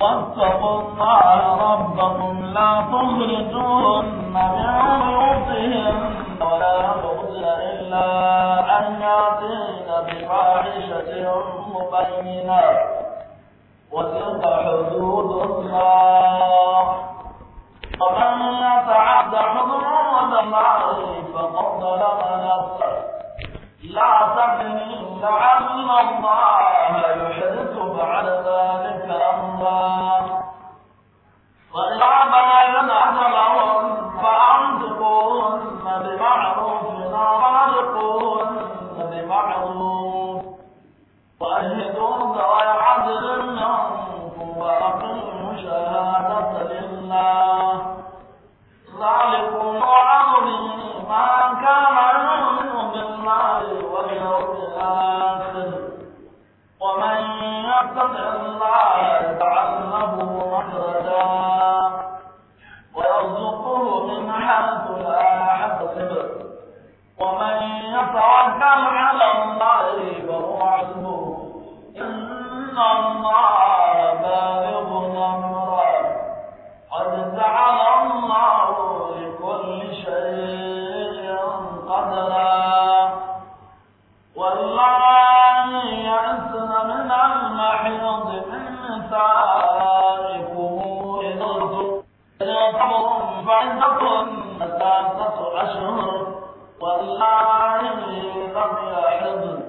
واتقوا الله ربكم لا تخرجون بيوتهم ولا تخرجن إلا أن يأتين بفاحشة مبينة وتلك حدود الله ومن يتعدى حدود الله فقد ظلم نفسه لا تبني لعل الله يحدث وجعل ذلك أمرا وإن عبادنا أجلهم فأنفقوهن بمعروف أو أرزقوهن بمعروف وأشهدوهن ويعدل منكم وأقيموا شهادة لله ذلكم وعظم ما كان يؤمن بالله قطع الله تعلمه مخرجا ويرزقه من حيث لا يحتسب ومن يتوكل على الله فهو حسبه إن الله ثلاثة أشهر والله قبل حزن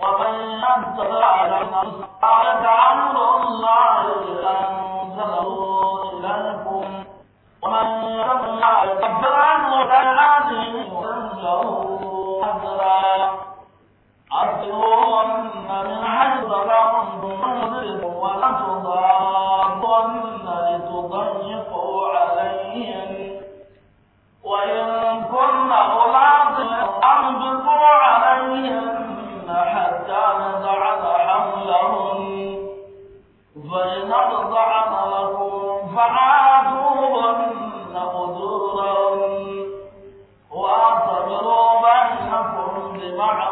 ومن ينتظر على قالت عمر الله أنزله إليكم ومن يتبع من حيث لهم تنزل ولا تضار كن لتضيقوا عليهن وإن كن أولاد أنبقوا عليهن حتى نزعن حملهن فإن أرضعن لكم فعادوهن أجورهن وأعتبروا بينكم بمعروف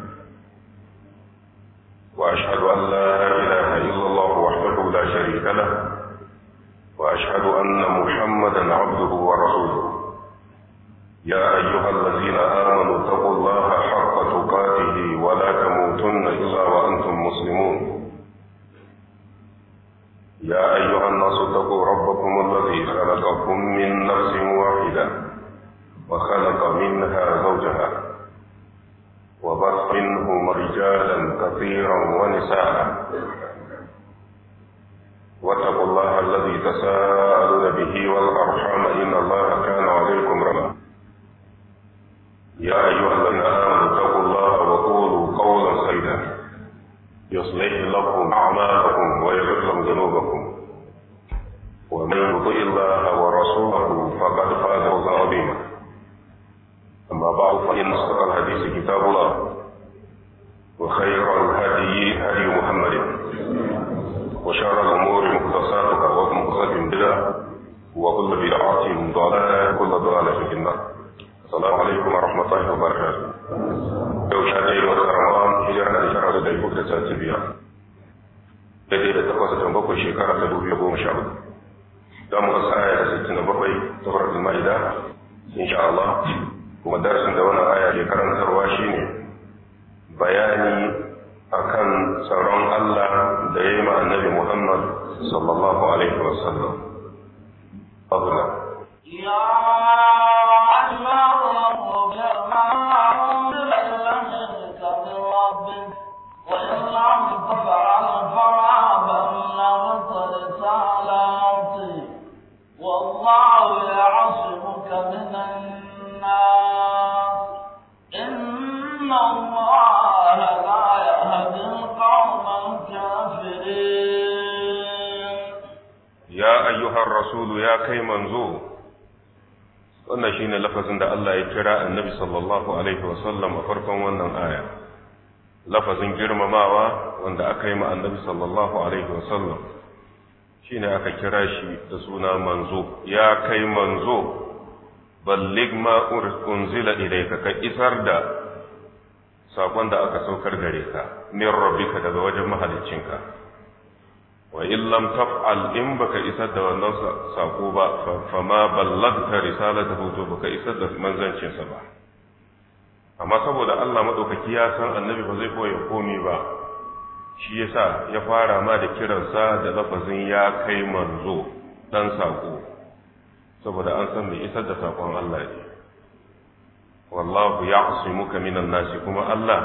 sallallahu alaihi wasallam shine aka kira shi da suna manzo ya kai manzo ballig ma unzila ilayka ka isar da sakon da aka saukar gare ka min rabbika daga wajen mahaliccinka wa in lam taf'al in baka isar da wannan sako ba fa ma ballagta risalatahu to baka isar da manzancinsa ba amma saboda Allah madaukaki ya san annabi ba zai koya komai ba shi yasa ya fara ma da kiransa da lafazin ya kai manzo dan sako saboda an san mai isar da sakon Allah ne wallahu ya'simuka minan nasi kuma Allah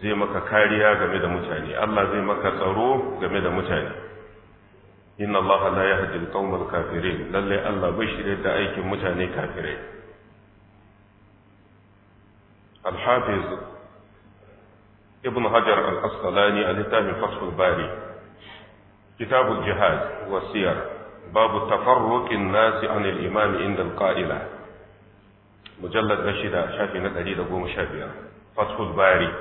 zai maka kariya game da mutane Allah zai maka tsaro game da mutane inna Allah la yahdi al-qawmal kafirin lalle Allah bai shirye da aikin mutane kafirai al-hafiz ابن هجر الأصلاني الهتام الفصح الباري كتاب الجهاد والسير باب تفرق الناس عن الإمام عند القائلة مجلد نشدة شافنا الأديد أبو مشافية فصح الباري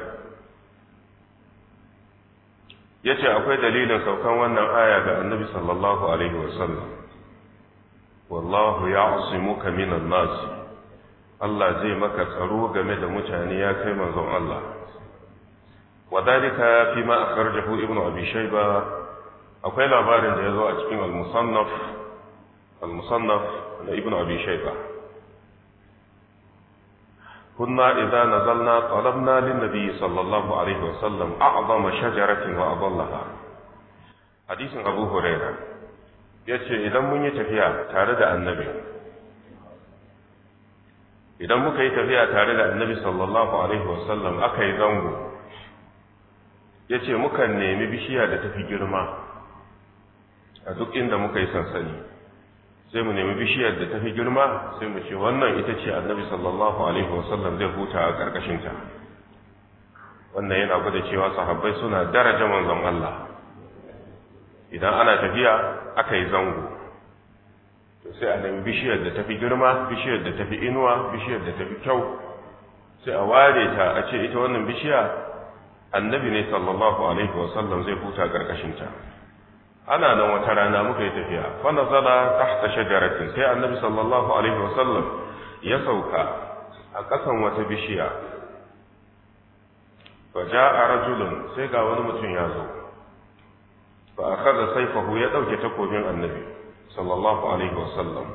يتي أقوي دليلا سو كان وانا آية النبي صلى الله عليه وسلم والله يعصمك من الناس الله زي مكة تروق من المتانية كما زوء الله. وذلك فيما أخرجه ابن أبي شيبة أقول لابار جهزوا أجمع المصنف المصنف لابن أبي شيبة كنا إذا نزلنا طلبنا للنبي صلى الله عليه وسلم أعظم شجرة وأضلها حديث أبو هريرة yace إذا من yi تارد tare da annabi idan muka yi tafiya tare da annabi sallallahu alaihi wasallam aka ya ce mukan nemi bishiya da tafi girma a duk inda muka yi sansani sai mu nemi bishiyar da tafi girma sai mu ce wannan ita ce annabi sallallahu alaihi wasallam zai huta a ƙarƙashinta wannan yana gwada cewa sahabbai suna daraja manzon Allah idan ana tafiya aka yi zango sai a nemi bishiyar da tafi girma bishiyar da tafi inuwa bishiyar da tafi kyau sai a ware ta a ce ita wannan bishiya annabi ne sallallahu alaihi wa sallam, zai huta ƙarƙashinta ana nan wata rana muka yi tafiya fa nazala tahta shajaratin sai annabi sallallahu alaihi wa sallam, ya sauka a ƙasan wata bishiya fa ja'a rajulun sai ga wani mutum ya zo fa akhadha sayfahu ya dauke takobin annabi sallallahu alaihi wa sallam.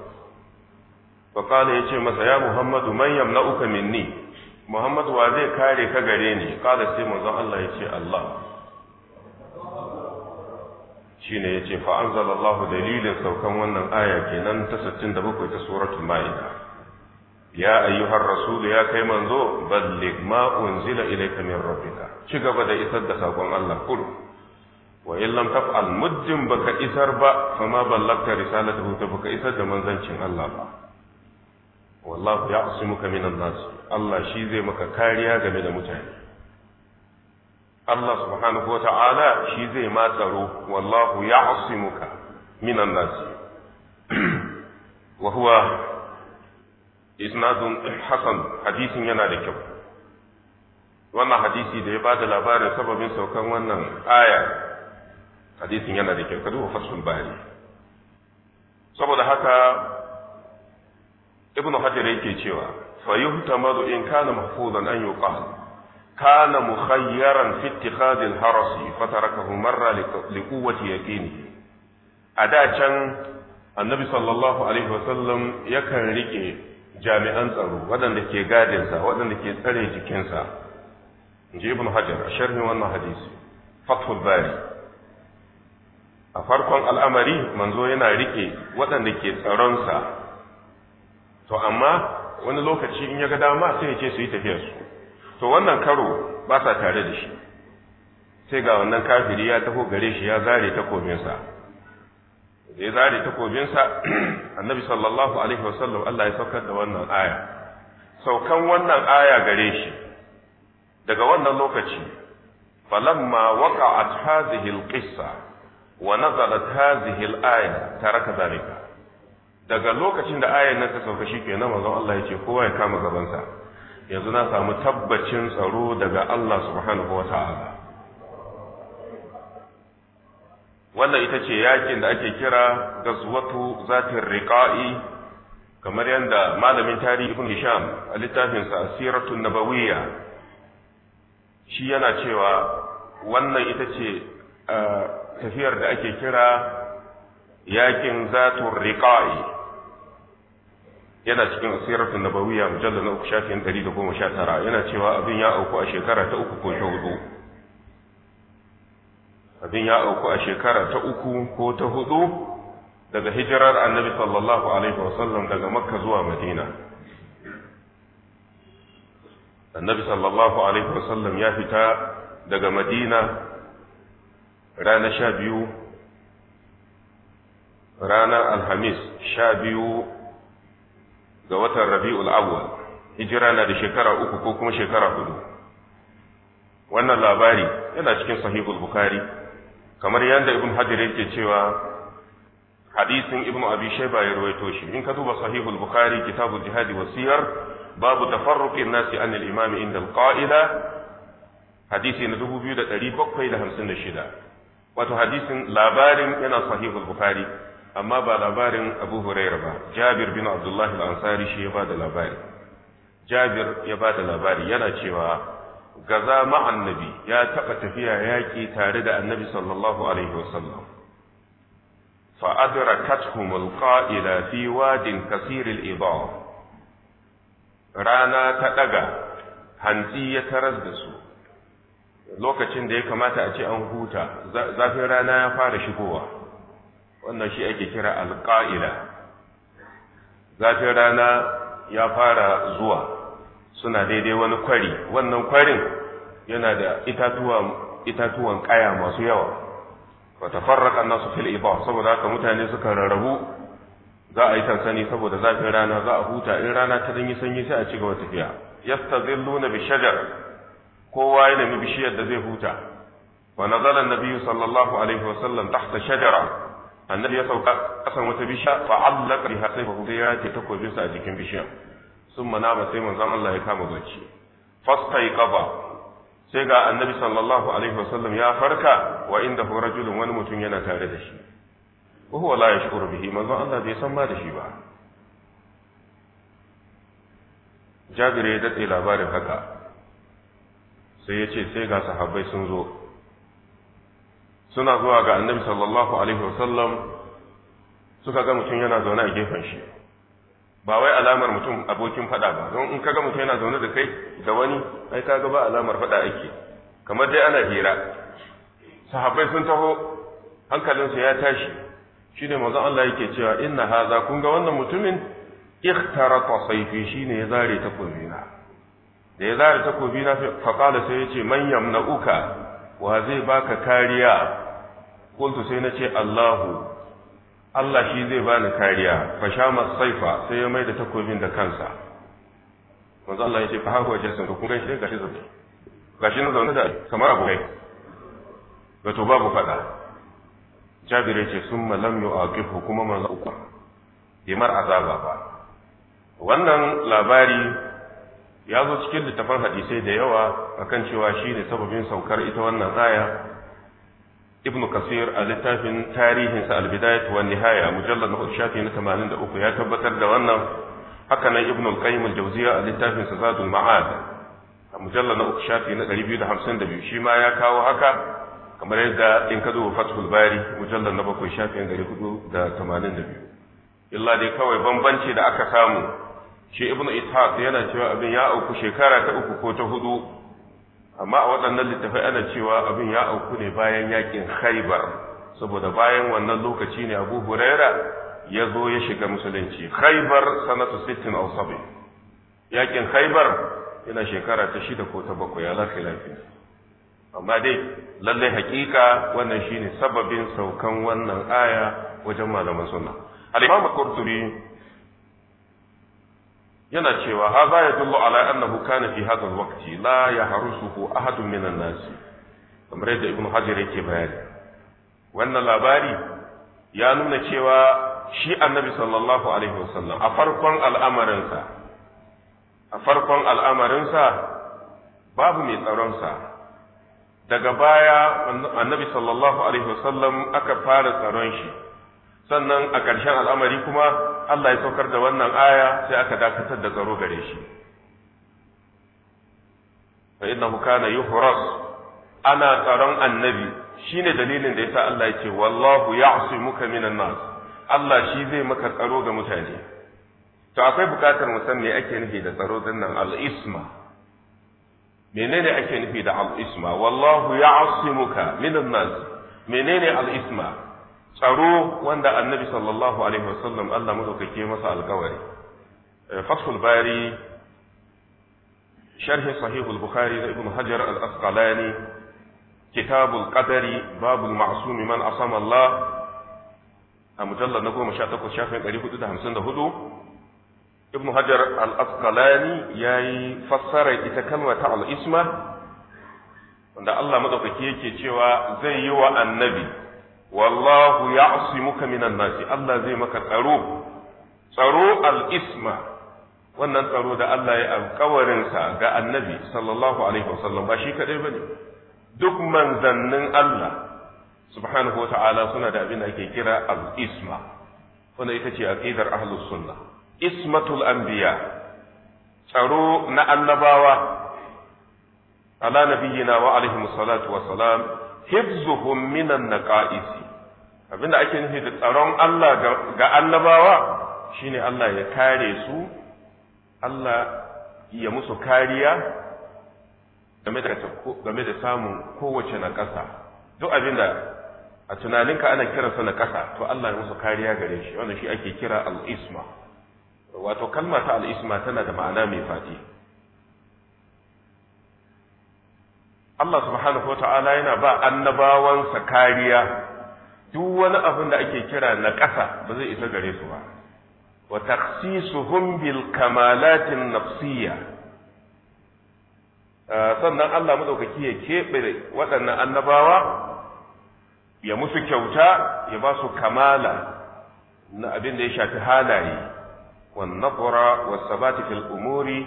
fa qala yace masa ya muhammadu man yamna'uka minni Muhammad wa zai kare ka gare ni kada sai manzon Allah ya ce Allah shine yace fa anzalallahu dalilin saukan wannan aya kenan ta 67 ta suratul maida ya ayyuhar rasul ya kai manzo balligh ma unzila ilayka min rabbika ci gaba da isar da sakon Allah kullu wa in lam taf'al mujjin baka isar ba fama ballagta risalatahu ta baka isar da manzancin Allah ba wallahu ya asimuka minan nasu. Allah shi zai maka kariya game da mutane Allah subhanahu wa ta'ala shi zai ma tsaro wallahu ya minan nas wa huwa isnadun hasan hadisin yana da kyau wannan hadisi da ya ba da labarin sababin saukan wannan aya hadisin yana da kyau kadu fasul bari saboda haka ibnu hajar yake cewa fa yuhtamalu in kana mahfuzan an yuqal kana mukhayyaran fi ittikhad al-haras fa tarakahu marra li quwwati yaqini a da can annabi sallallahu alaihi wasallam yakan rike jami'an tsaro waɗanda ke gadinsa waɗanda ke tsare jikinsa inji ibnu hajar a sharhin wannan hadisi fathul bari a farkon al'amari manzo yana rike waɗanda ke tsaronsa to amma wani lokaci in ya ga dama sai ya ce su yi tafiyar su to wannan karo ba sa tare da shi sai ga wannan kafiri ya taho gare shi ya zare takobinsa da ya zare takobinsa annabi sallallahu alaihi wasallam Allah ya saukar da wannan aya saukan wannan aya gare shi daga wannan lokaci falamma waqa'at hadhihi alqissa wa nazalat hadhihi alaya taraka zalika daga lokacin da ayan nan ta sauka shi kenan manzon Allah ya kowa ya kama gabansa yanzu na samu tabbacin tsaro daga Allah subhanahu wa ta'ala wannan ita ce yakin da ake kira gazwatu zatin riqa'i kamar yadda malamin tarihi ibn Hisham a sa asiratun nabawiyya shi yana cewa wannan ita ce eh, tafiyar da ake kira yakin zatu riqa'i yana cikin asiratun nabawiya mujallal na uku shafin ɗari da goma sha tara yana cewa abin ya auku a shekara ta uku ko ta hudu abin ya auku a shekara ta uku ko ta hudu daga hijirar annabi sallallahu alaihi wasallam daga makka zuwa madina annabi sallallahu alaihi wasallam ya fita daga madina ranar sha biyu ranar alhamis sha biyu ga watan rabi'ul awwal hijira na da shekara uku ko kuma shekara hudu wannan labari yana cikin sahihul bukhari kamar yadda ibn hajar yake cewa hadisin ibn abi shayba ya rawaito shi in ka duba sahihul bukhari kitabul jihadi wa siyar babu tafarruqi an-nasi an al-imam inda al-qa'ila hadisi na 2756 wato hadisin labarin yana sahihul bukhari amma ba labarin abu huraira ba jabir bin abdullahi al-ansari shi ya ba da labari jabir ya ba da labari yana cewa gaza ma'annabi ya taɓa tafiya yaƙi tare da annabi sallallahu alaihi wasallam فأدركتهم القائلة wadin واد كثير Rana ta ɗaga, hantsi ya taras da su lokacin da ya kamata a ce an huta zafin rana ya fara shigowa wannan shi ake kira alƙa'ila zafin rana ya fara zuwa suna daidai wani kwari wannan kwarin yana da itatuwan ƙaya masu yawa wa tafarraqa an-nasu fil ibah saboda haka mutane suka rarrabu za a yi sansani saboda zafin rana za a huta in rana ta danyi sanyi sai a ci gaba tafiya yastazilluna bi shajar kowa ya nemi bishiyar da zai huta wa nazala an-nabiyyu sallallahu alaihi wasallam tahta shajara annabi ya sauka kasan wata bishiya fa allaka biha sayfahu sai ya ce takobin sa a jikin bishiyan sun ba sai manzon Allah ya kama bacci fastaiqaba sai ga annabi sallallahu alaihi wasallam ya farka wa inda hu rajulun wani mutum yana tare da shi wa huwa la yashkuru bihi manzon Allah bai san ma da shi ba Jabir ya daɗe labarin haka sai ya ce sai ga sahabbai sun zo suna zuwa ga annabi sallallahu alaihi wasallam suka ga mutum yana zaune a gefen shi ba wai alamar mutum abokin fada ba don in kaga mutum yana zaune da kai da wani ai kaga ba alamar fada ake kamar dai ana hira sahabbai sun taho hankalinsu ya tashi shine manzon Allah yake cewa inna hadha kun ga wannan mutumin ikhtarata sayfi shine ya zare takobina da ya zare takobina fa qala sai yace man yamna'uka wa zai baka kariya qultu sai na ce Allahu Allah shi zai bani kariya fa sha masaifa sai ya mai da takobin da kansa manzo Allah ya ce fa hawa jasan kun ga shi gashi zabe gashi na zaune da kamar abu kai wato babu fada Jabir ya ce summa lam yu'aqifu kuma manzo uku bimar azaba ba wannan labari ya zo cikin littafin hadisai da yawa akan cewa shi ne sababin saukar ita wannan zaya Ibnu kasir a littafin tarihinsa albidayat wa nihaya mujallar na shafi na 83 ya tabbatar da wannan Hakanan nan ibn al-qayyim al-jawziya a littafin sa ma'ad a mujallar na uku shafi na 252 shi ma ya kawo haka kamar yadda in ka duba fathul bari mujallar na bakwai shafi na 482 illa dai kawai bambanci da aka samu shi ibn ishaq yana cewa abin ya auku shekara ta uku ko ta hudu amma a waɗannan littafai ana cewa abin ya auku ne bayan yakin khaibar saboda bayan wannan lokaci ne abu huraira ya zo ya shiga musulunci khaibar sanatu sittin aw sabi yakin haibar yana shekara ta shida ko ta bakwai ya lafi amma dai lallai hakika wannan shine sababin saukan wannan aya wajen malaman sunna al-imam qurtubi yana cewa haza ya dullu ala annahu kana fi hadha alwaqti la yahrusuhu ahadun minan nas kamar yadda ibnu hajar yake bayani wannan labari ya nuna cewa shi annabi sallallahu alaihi wasallam a farkon al'amarinsa a farkon al'amarinsa babu mai tsaronsa daga baya annabi sallallahu alaihi wasallam aka fara tsaron shi sannan a ƙarshen al'amari kuma Allah ya saukar da wannan aya sai aka dakatar da tsaro gare shi fa innahu kana yuhras ana tsaron annabi shine dalilin da yasa Allah ya ce wallahu ya'simuka minan nas Allah shi zai maka tsaro ga mutane to akwai buƙatar mu san me ake nufi da tsaro din nan al-isma menene ake nufi da al-isma wallahu ya'simuka minan nas menene al-isma tsaro wanda annabi sallallahu alaihi wasallam Allah madaukake masa alƙawari eh, fathul bari sharhi sahihul bukhari da ibn hajar al-asqalani kitabul qadari babul ma'sumi man asama Allah a mujallar na goma sha takwas shafin ɗari hudu da hamsin da hudu ibn hajar al-asqalani ya yi fassara ita kalma ta al-isma wanda Allah madaukake yake cewa zai yi wa annabi wallahu ya'simuka minan nasi Allah zai maka tsaro tsaro al wannan tsaro da Allah ya alkawarin sa ga annabi sallallahu alaihi wasallam ba shi ba ne. duk manzannin Allah subhanahu wa ta'ala suna da abin da ake kira al-isma wanda ita ce aqidar ahlus sunna ismatul anbiya tsaro na annabawa ala nabiyyina wa alaihi salatu wa salam hifzuhum minan naqa'isi abinda ake nufi da tsaron Allah ga annabawa shine Allah ya kare su Allah ya musu kariya game da game da samun kowace na ƙasa duk abinda a tunaninka ana kiransa na ƙasa to Allah ya musu kariya gare shi wannan shi ake kira al-isma wato kalma ta al-isma tana da ma'ana mai fadi Allah subhanahu wata'ala yana ba annabawansa kariya duk wani abin da ake kira na ƙasa ba zai isa gare su ba wa taqsisuhum bil kamalatin nafsiyya ah, sannan Allah madaukaki ya keɓe waɗannan annabawa ya musu kyauta ya ba su kamala na abin da ya shafi halaye wan nabra wa sabati fil umuri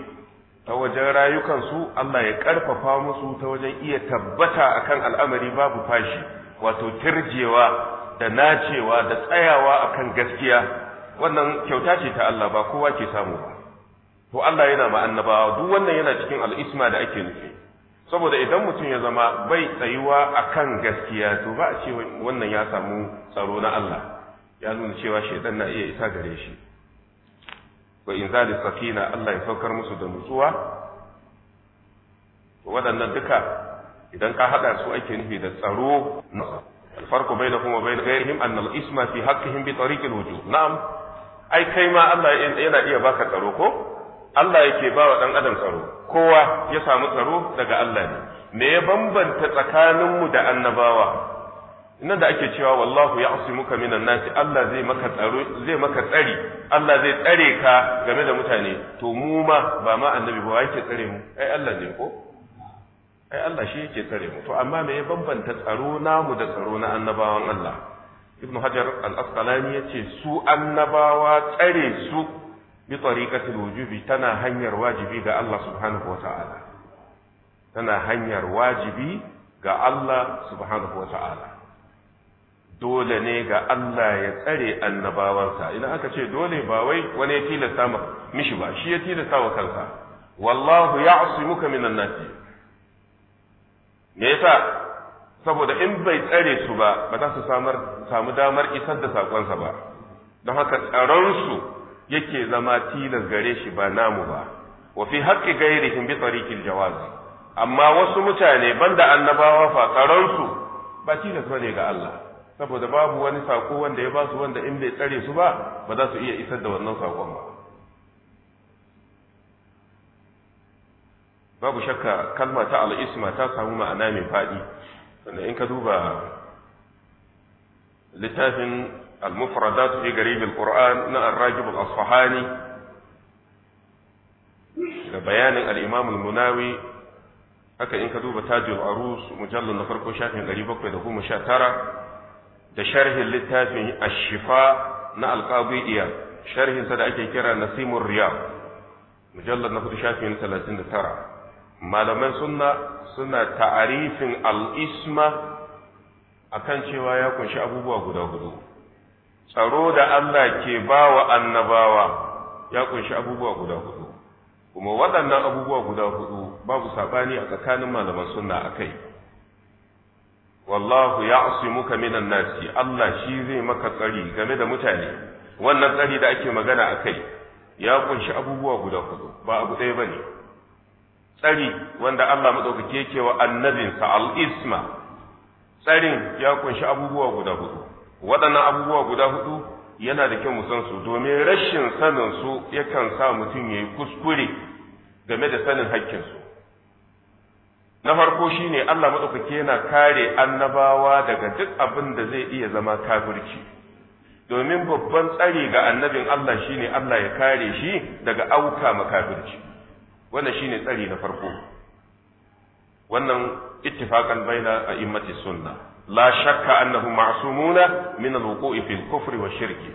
ta wajen rayukansu Allah ya ƙarfafa musu ta wajen iya tabbata akan al'amari babu fashi wato kirjewa da nacewa da tsayawa akan gaskiya wannan kyauta ce ta Allah ba kowa ke samu ba to Allah yana ba annabawa duk wannan yana cikin al'isma da ake nufi saboda idan mutum ya zama bai tsayuwa akan gaskiya to ba a ce wannan ya samu tsaro na Allah ya nuna cewa shaitan na iya isa gare shi wa inzali sakina Allah ya saukar musu da nutsuwa waɗannan duka idan ka haɗa su ake nufi da tsaro الفرق بينهم وبين غيرهم أن الإسم في حقهم بطريق الوجوب نعم أي كيما الله يلا إيا باكا Allah yake ba wa ɗan adam tsaro, kowa ya samu tsaro daga Allah ne, me ya bambanta tsakaninmu da annabawa, nan da ake cewa wallahu muka minan nasi Allah zai maka tsaro zai maka tsari Allah zai tsare ka game da mutane to mu ma ba ma annabi ba yake tsare mu ai Allah ne ko ai Allah shi yake tsare mu to amma me ya bambanta tsaro namu da tsaro na annabawan Allah Ibn Hajar al-Asqalani yace su annabawa tsare su bi tariqatil wujubi tana hanyar wajibi ga Allah subhanahu wata'ala tana hanyar wajibi ga Allah subhanahu wata'ala dole ne ga Allah ya tsare annabawansa idan aka ce dole ba wai wani ya tilasta mishi ba shi ya tilasta wa kansa wallahu muka minan nasi me yasa saboda in bai tsare su ba ba za su samu damar isar da sakonsa ba don haka tsaronsu yake zama tilas gare shi ba namu ba wa fi haqqi ghairihim bi tariqil jawaz amma wasu mutane banda annabawa fa tsaron ba tilas ne ga Allah saboda babu wani sako wanda ya basu wanda in bai tsare su ba ba za su iya isar da wannan sakon ba babu shakka kalma ta al'isma ta samu ma'ana mai faɗi sannan in ka duba littafin al-mufradat fi garib al-qur'an na ar-rajib al-asfahani da bayanin al-imam al-munawi haka in ka duba tajul arus mujallal na farko shafin 719 da sharhin littafin ashifa na alƙabidiya sharhinsa da ake kira nasimur riyab mujallar na hudu shafin talatin da tara malaman sunna suna ta'arifin al'isma akan cewa ya kunshi abubuwa guda hudu tsaro da Allah ke ba wa annabawa ya kunshi abubuwa guda hudu kuma waɗannan abubuwa guda hudu babu saɓani a tsakanin malaman sunna kai. wallahu ya muka minan nasi Allah shi zai maka tsari game da mutane wannan tsari da ake magana a kai ya kunshi abubuwa guda hudu ba abu ɗaya ba ne. tsari wanda Allah madaukake yake wa annabinsa al-isma tsarin ya kunshi abubuwa guda hudu waɗannan abubuwa guda hudu yana da kyau mu san su domin rashin sanin su yakan sa mutum yayi kuskure game da sanin haƙƙinsu na farko shine Allah madaukake yana kare annabawa daga duk abin da zai iya zama kafirci domin babban tsari ga annabin Allah shine Allah ya kare shi daga auka makafirci wannan shine tsari na farko wannan ittifaqan baina a'immatis sunna la shakka annahum ma'sumuna min al-wuqu'i fil kufri wa shirki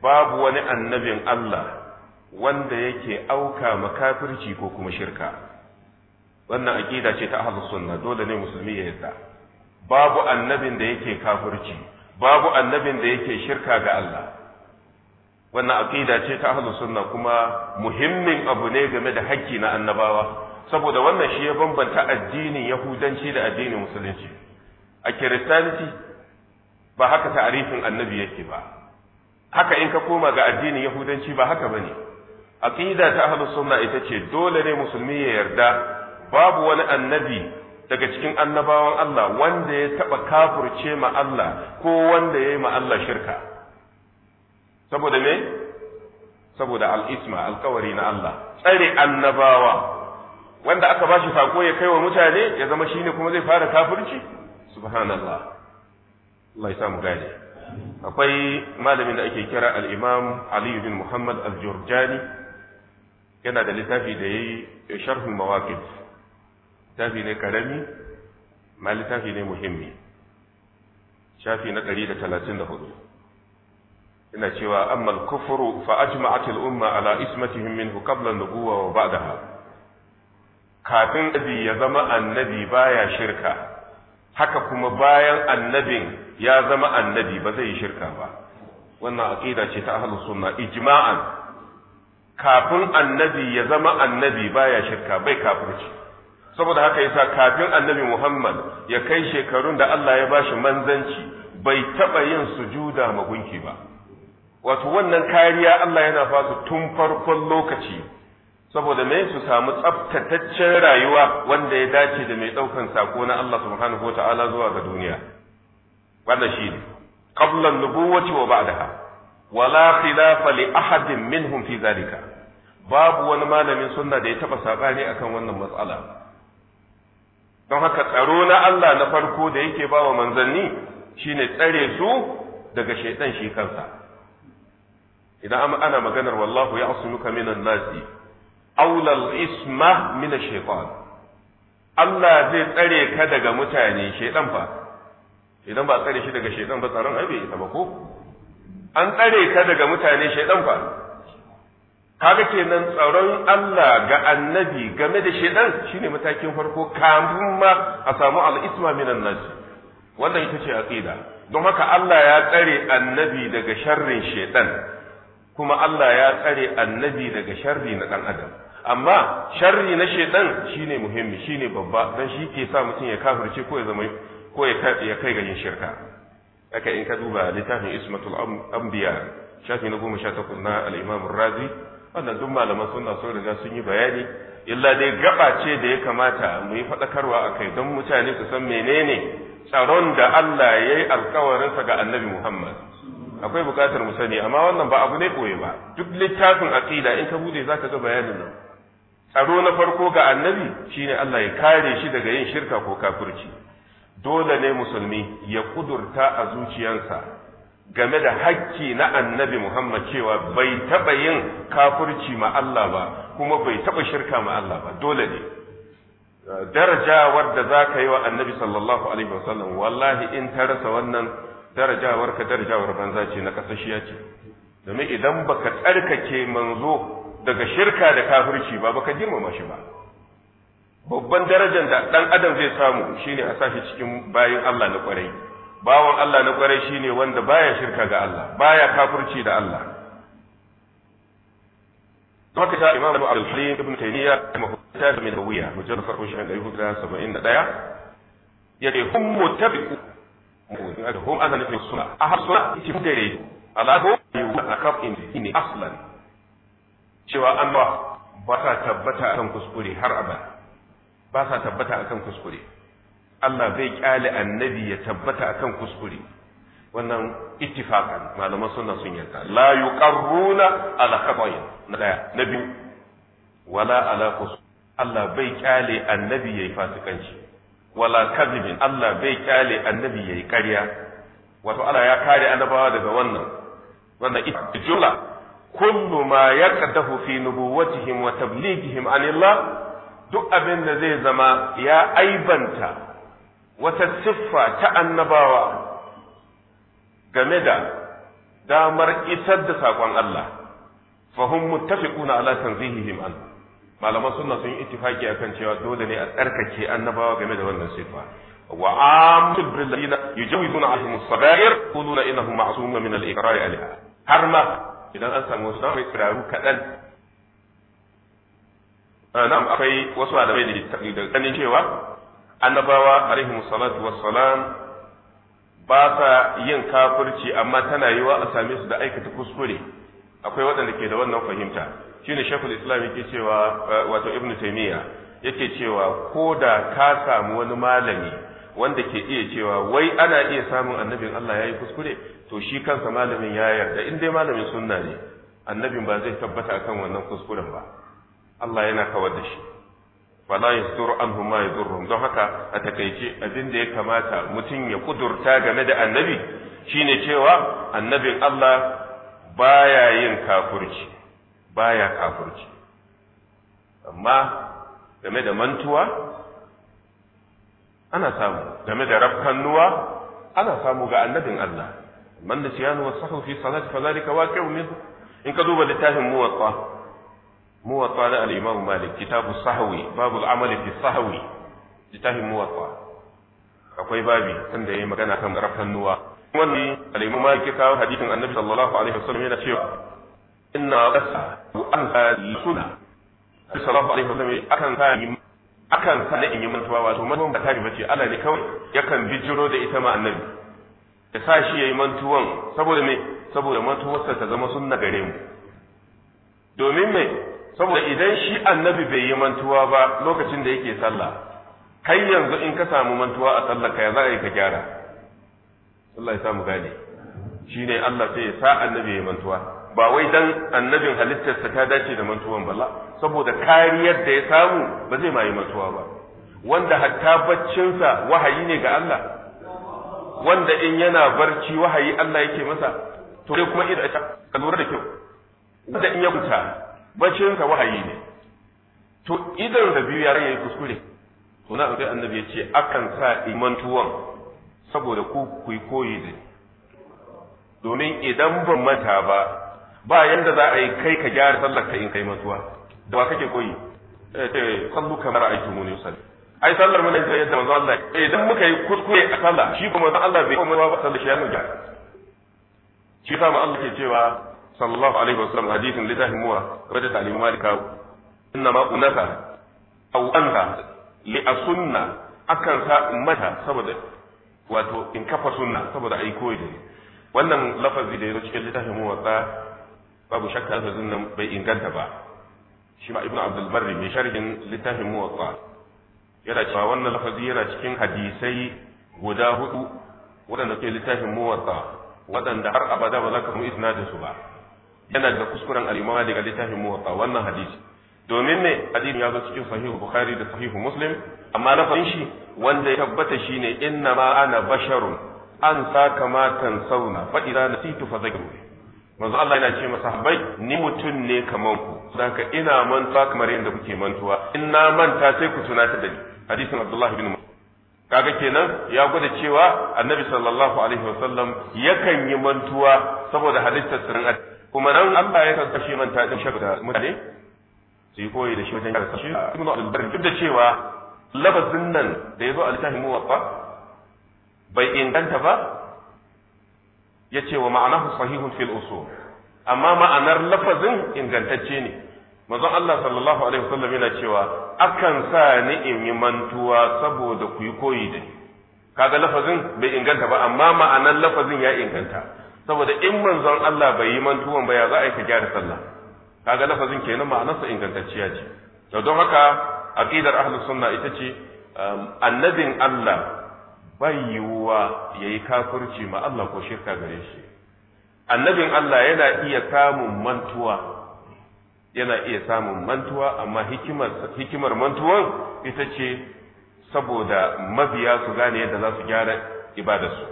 babu wani annabin Allah wanda yake auka makafirci ko kuma shirka wannan aqida ce ta ahlus sunna dole ne musulmi ya yarda babu annabin da yake kafirci babu annabin da yake shirka ga Allah wannan aqida ce ta ahlus sunna kuma muhimmin abu ne game da hakki na annabawa saboda wannan shi ya bambanta addinin yahudanci da addinin musulunci a kiristanci ba haka ta'arifin annabi yake ba haka in ka koma ga addinin yahudanci ba haka bane aqida ta ahlus sunna ita ce dole ne musulmi ya yarda babu wani annabi daga cikin annabawan Allah wanda ya taɓa kafurce ma Allah ko wanda ya yi ma Allah shirka saboda me saboda al'isma alkawari na Allah tsare annabawa wanda aka shi saƙo ya kai wa mutane ya zama shine kuma zai fara kafurci subhanallah Allah ya samu gane akwai malamin da ake kira al'imam aliyu Ali bin Muhammad al-Jurjani yana da littafi da yi sharhin mawaƙin. littafi ne karami ma littafi ne muhimmi shafi na 134 ina cewa amma al-kufru fa ajma'at al-umma ala ismatihim minhu qabla an-nubuwwa wa ba'daha kafin abi ya zama annabi baya shirka haka kuma bayan annabin ya zama annabi ba zai shirka ba wannan aqida ce ta ahlus sunna ijma'an kafin annabi ya zama annabi baya shirka bai kafirci saboda haka yasa kafin annabi Muhammad ya kai shekarun da Allah ya bashi manzanci bai taba yin sujuda magunki ba wato wannan kariya Allah yana fasu tun farkon lokaci saboda mai su samu tsaftataccen rayuwa wanda ya dace da mai daukan sako na Allah subhanahu wataala zuwa ga duniya wannan shine qabla an-nubuwwati wa ba'daha wala khilafa li ahadin minhum fi zalika babu wani malamin sunna da ya taba sabani akan wannan matsala don haka tsaro na Allah na farko da yake ba wa manzanni shine tsare su daga shaidan shi kansa idan ana maganar wallahu ya nuka minan nasi aulal isma mina shaitan Allah zai tsare ka daga mutane shaidan ba idan ba tsare shi daga shaidan ba tsaron ai bai ita ba ko an tsare ka daga mutane shaidan ba kaga kenan tsaron Allah ga annabi game da shedan shine matakin farko kamun ma a samu al'isma minan nas wannan ita ce aƙida. don haka Allah ya tsare annabi daga sharrin shedan kuma Allah ya tsare annabi daga sharri na ɗan adam amma sharri na shedan shine muhimmi shine babba don shi ke sa mutum ya kafirce ko ya zama ko ya kai ga yin shirka aka in ka duba littafin ismatul anbiya shafi na goma sha takwas na al-imam razi wannan duk malaman sunna sun riga sun yi bayani illa dai gaba ce da ya kamata mu yi faɗakarwa a kai don mutane su san menene tsaron da Allah ya yi alkawarinsa ga annabi Muhammad akwai buƙatar mu sani amma wannan ba abu ne koyi ba duk littafin aqida in ka bude zaka ga bayanin nan tsaro na farko ga annabi shine Allah ya kare shi daga yin shirka ko kafirci dole ne musulmi ya kudurta a zuciyarsa game da hakki na annabi Muhammad cewa bai taɓa yin kafurci ma Allah ba kuma bai taɓa shirka ma Allah ba dole ne darajawar da za ka yi wa annabi sallallahu alaihi wasallam wallahi in ta rasa wannan darajawar ka darajawar banza ce na kasashiya ce domin idan baka tsarkake manzo daga shirka da kafirci ba baka girmama shi ba babban darajar da dan adam zai samu shine a sashi cikin bayin Allah na kwarai bawan Allah na kwarai shine wanda baya shirka ga Allah baya kafirci da Allah Maka ta Imam Abu Al-Halim Ibn min farko shi ga 71 yake hum mutabiqu hum ana nufin suna a suna dare in aslan cewa Allah ba ta tabbata akan kuskure har abada ba sa tabbata akan kuskure Allah bai kyale annabi ya tabbata akan kuskure wannan ittifaqan malaman sunna sun yarda la yuqarruna ala khata'in na daya na biyu wala ala Allah bai kyale annabi yayi fasikanci wala kadhibin Allah bai kyale annabi yayi ƙarya wato Allah ya kare annabawa daga wannan wannan jumla kullu ma yaqdahu fi nubuwatihim wa tablighihim anillah duk abin da zai zama ya aibanta wata siffa ta annabawa game da damar isar da saƙon Allah fahim muttafiquna ala tanzihihim an malaman suna sun yi ittifaki akan cewa dole ne a tsarkake annabawa game da wannan siffa wa amtul brilladina yujawizuna alaihim as-sagair quluna innahu ma'sumun min al-iqrar alaiha har ma idan an samu wasu mai tsiraru kadan ah, na'am akwai wasu malamai da ganin cewa annabawa alaihi salatu wassalam ba sa yin kafirci amma tana yiwa a same su da aikata kuskure akwai waɗanda ke da wannan fahimta shine shekul islam yake cewa eh, wato ibn taymiya yake cewa ko da ka samu wani malami wanda ke iya cewa wai ana iya samun annabin Allah yayi kuskure to shi kansa malamin ya yarda in dai malamin sunna ne annabin ba zai tabbata akan wannan kuskuren ba Allah yana kawar da shi wala yasdur anhu ma yadurruhum don haka a takaice abin da ya kamata mutum ya kudurta game da annabi shine cewa annabin Allah baya yin kafurci baya kafurci amma game da mantuwa ana samu game da rafkannuwa ana samu ga annabin Allah man da siyanu wa sahu fi salati fa zalika waqi'un in ka duba littafin muwatta muwatta da al-Imam Malik kitabu sahwi babu al-amali fi sahwi akwai babi wanda yayi magana kan rafan nuwa wannan al ya kawo hadisin Annabi sallallahu alaihi wasallam yana cewa inna qasa wa anha sunna sallallahu alaihi wasallam akan kai akan sana in yi mantuwa wato mantuwan ba tabi Allah ne kawai yakan bi bijiro da ita ma annabi ya sa shi yayi mantuwan saboda me saboda ta zama sunna gare mu domin me saboda idan shi annabi bai yi mantuwa ba lokacin da yake sallah kai yanzu in ka samu mantuwa a sallah ka za a yi ka gyara Allah ya samu gane shi ne Allah sai ya sa annabi ya yi mantuwa ba wai dan annabin halittarsa ta dace da mantuwan bala saboda kariyar da ya samu ba zai ma yi mantuwa ba wanda hatta baccinsa wahayi ne ga Allah wanda in yana barci wahayi Allah yake masa to dai kuma idan ka lura da kyau wanda in ya kuta baccinsa wahayi ne to idan da biyu yaran yayi kuskure to na sai annabi ya ce akan sa imantuwan saboda ku ku yi koyi da domin idan ban mata ba ba yanda za a yi kai ka gyara sallar ka in kai matuwa da ba kake koyi eh, eh sallu kamar aitumuni yusalli ai sallar mu sai yadda manzo Allah idan muka yi kuskure a sallah shi kuma manzo Allah bai kuma ba sallar shi ya nuna shi sa Allah ke cewa sallallahu alaihi wasallam hadisin littafin muwa wadda ta alimu malika inna ma unasa au anha li asunna akan sa mata saboda wato in kafa sunna saboda ai koyi da wannan lafazi da ya cikin littafin muwatsa babu shakka lafazin nan bai inganta ba shi ma ibnu abdul barri mai sharhin littafin muwatsa yana cewa wannan lafazi yana cikin hadisai guda hudu waɗanda ke littafin muwatsa waɗanda har abada ba za ka mu da su ba yana da kuskuren al daga littafin muwatta wannan hadisi domin ne hadisin ya zo cikin sahihu bukhari da sahihu muslim amma na fahimci shi wanda ya tabbata shine inna ma ana basharun an saka matan sauna fa idza nasitu fa zakiru manzo Allah yana ce masa bai ni mutun ne kaman ku saka ina manta kamar yadda kuke mantuwa inna manta sai ku tunata da ni hadisin abdullah ibn kaga kenan ya gwada cewa annabi sallallahu alaihi wasallam yakan yi mantuwa saboda halittar sirrin kuma nan Allah ya kan kashe manta da shabu da mutane su yi koyi da shi wajen yara kashe ibnu al-barri duk da cewa labazin nan da yazo al-tahim muwaffa bai inganta ba yace wa ma'anahu sahihun fil usul amma ma'anar lafazin ingantacce ne manzon Allah sallallahu alaihi wasallam yana cewa akan sa ni in yi mantuwa saboda ku yi koyi da ni kaga lafazin bai inganta ba amma ma'anar lafazin ya inganta saboda in manzon Allah bai yi mantuwan ba ya za a yi ka gyara sallah kaga lafazin kenan ma'anarsa ingantacciya ce to don haka aqidar ahlus sunna ita ce um, annabin Allah bai yiwuwa yayi kafirci ma Allah ko shirka gare shi annabin Allah yana iya samun mantuwa yana iya samun mantuwa amma hikimar hikimar mantuwan ita ce saboda mabiya su gane yadda za su gyara ibadarsu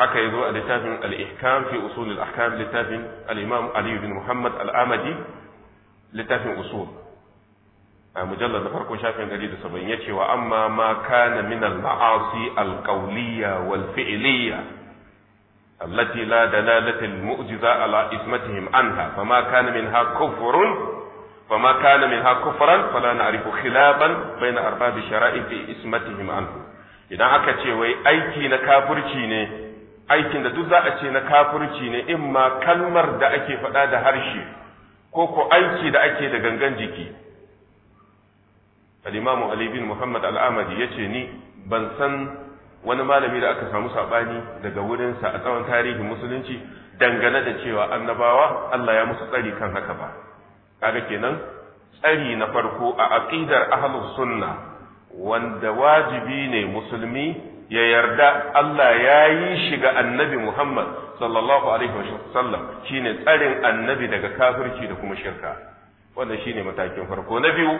haka ya zo a littafin al-ihkam fi usul al-ahkam littafin Alimam imam ali bin muhammad Al'amadi littafin usul a mujallar da farko shafin 170 ya ce wa amma ma kana min al-ma'asi al-qawliya wal fi'liya allati la dalalata al-mu'jiza ala ismatihim anha fama kana minha kufrun fama kana minha kufran fala na'rifu khilaban bayna arbab shara'i fi ismatihim anhu idan aka ce wai aiki na kafirci ne aikin da duk za a ce na kafirci ne in ma kalmar da ake faɗa da harshe ko ko aiki da ake da gangan jiki al-imamu ali bin muhammad al-amadi ce ni ban san wani malami da aka samu saɓani daga wurinsa a tsawon tarihin musulunci dangane da cewa annabawa Allah ya musu tsari kan haka ba kaga kenan tsari na farko a aqidar ahlus sunna wanda wajibi ne musulmi ya yarda Allah ya yi shi ga annabi Muhammad sallallahu alaihi wa sallam ne tsarin annabi daga kafirci da kuma shirka shi ne matakin farko na biyu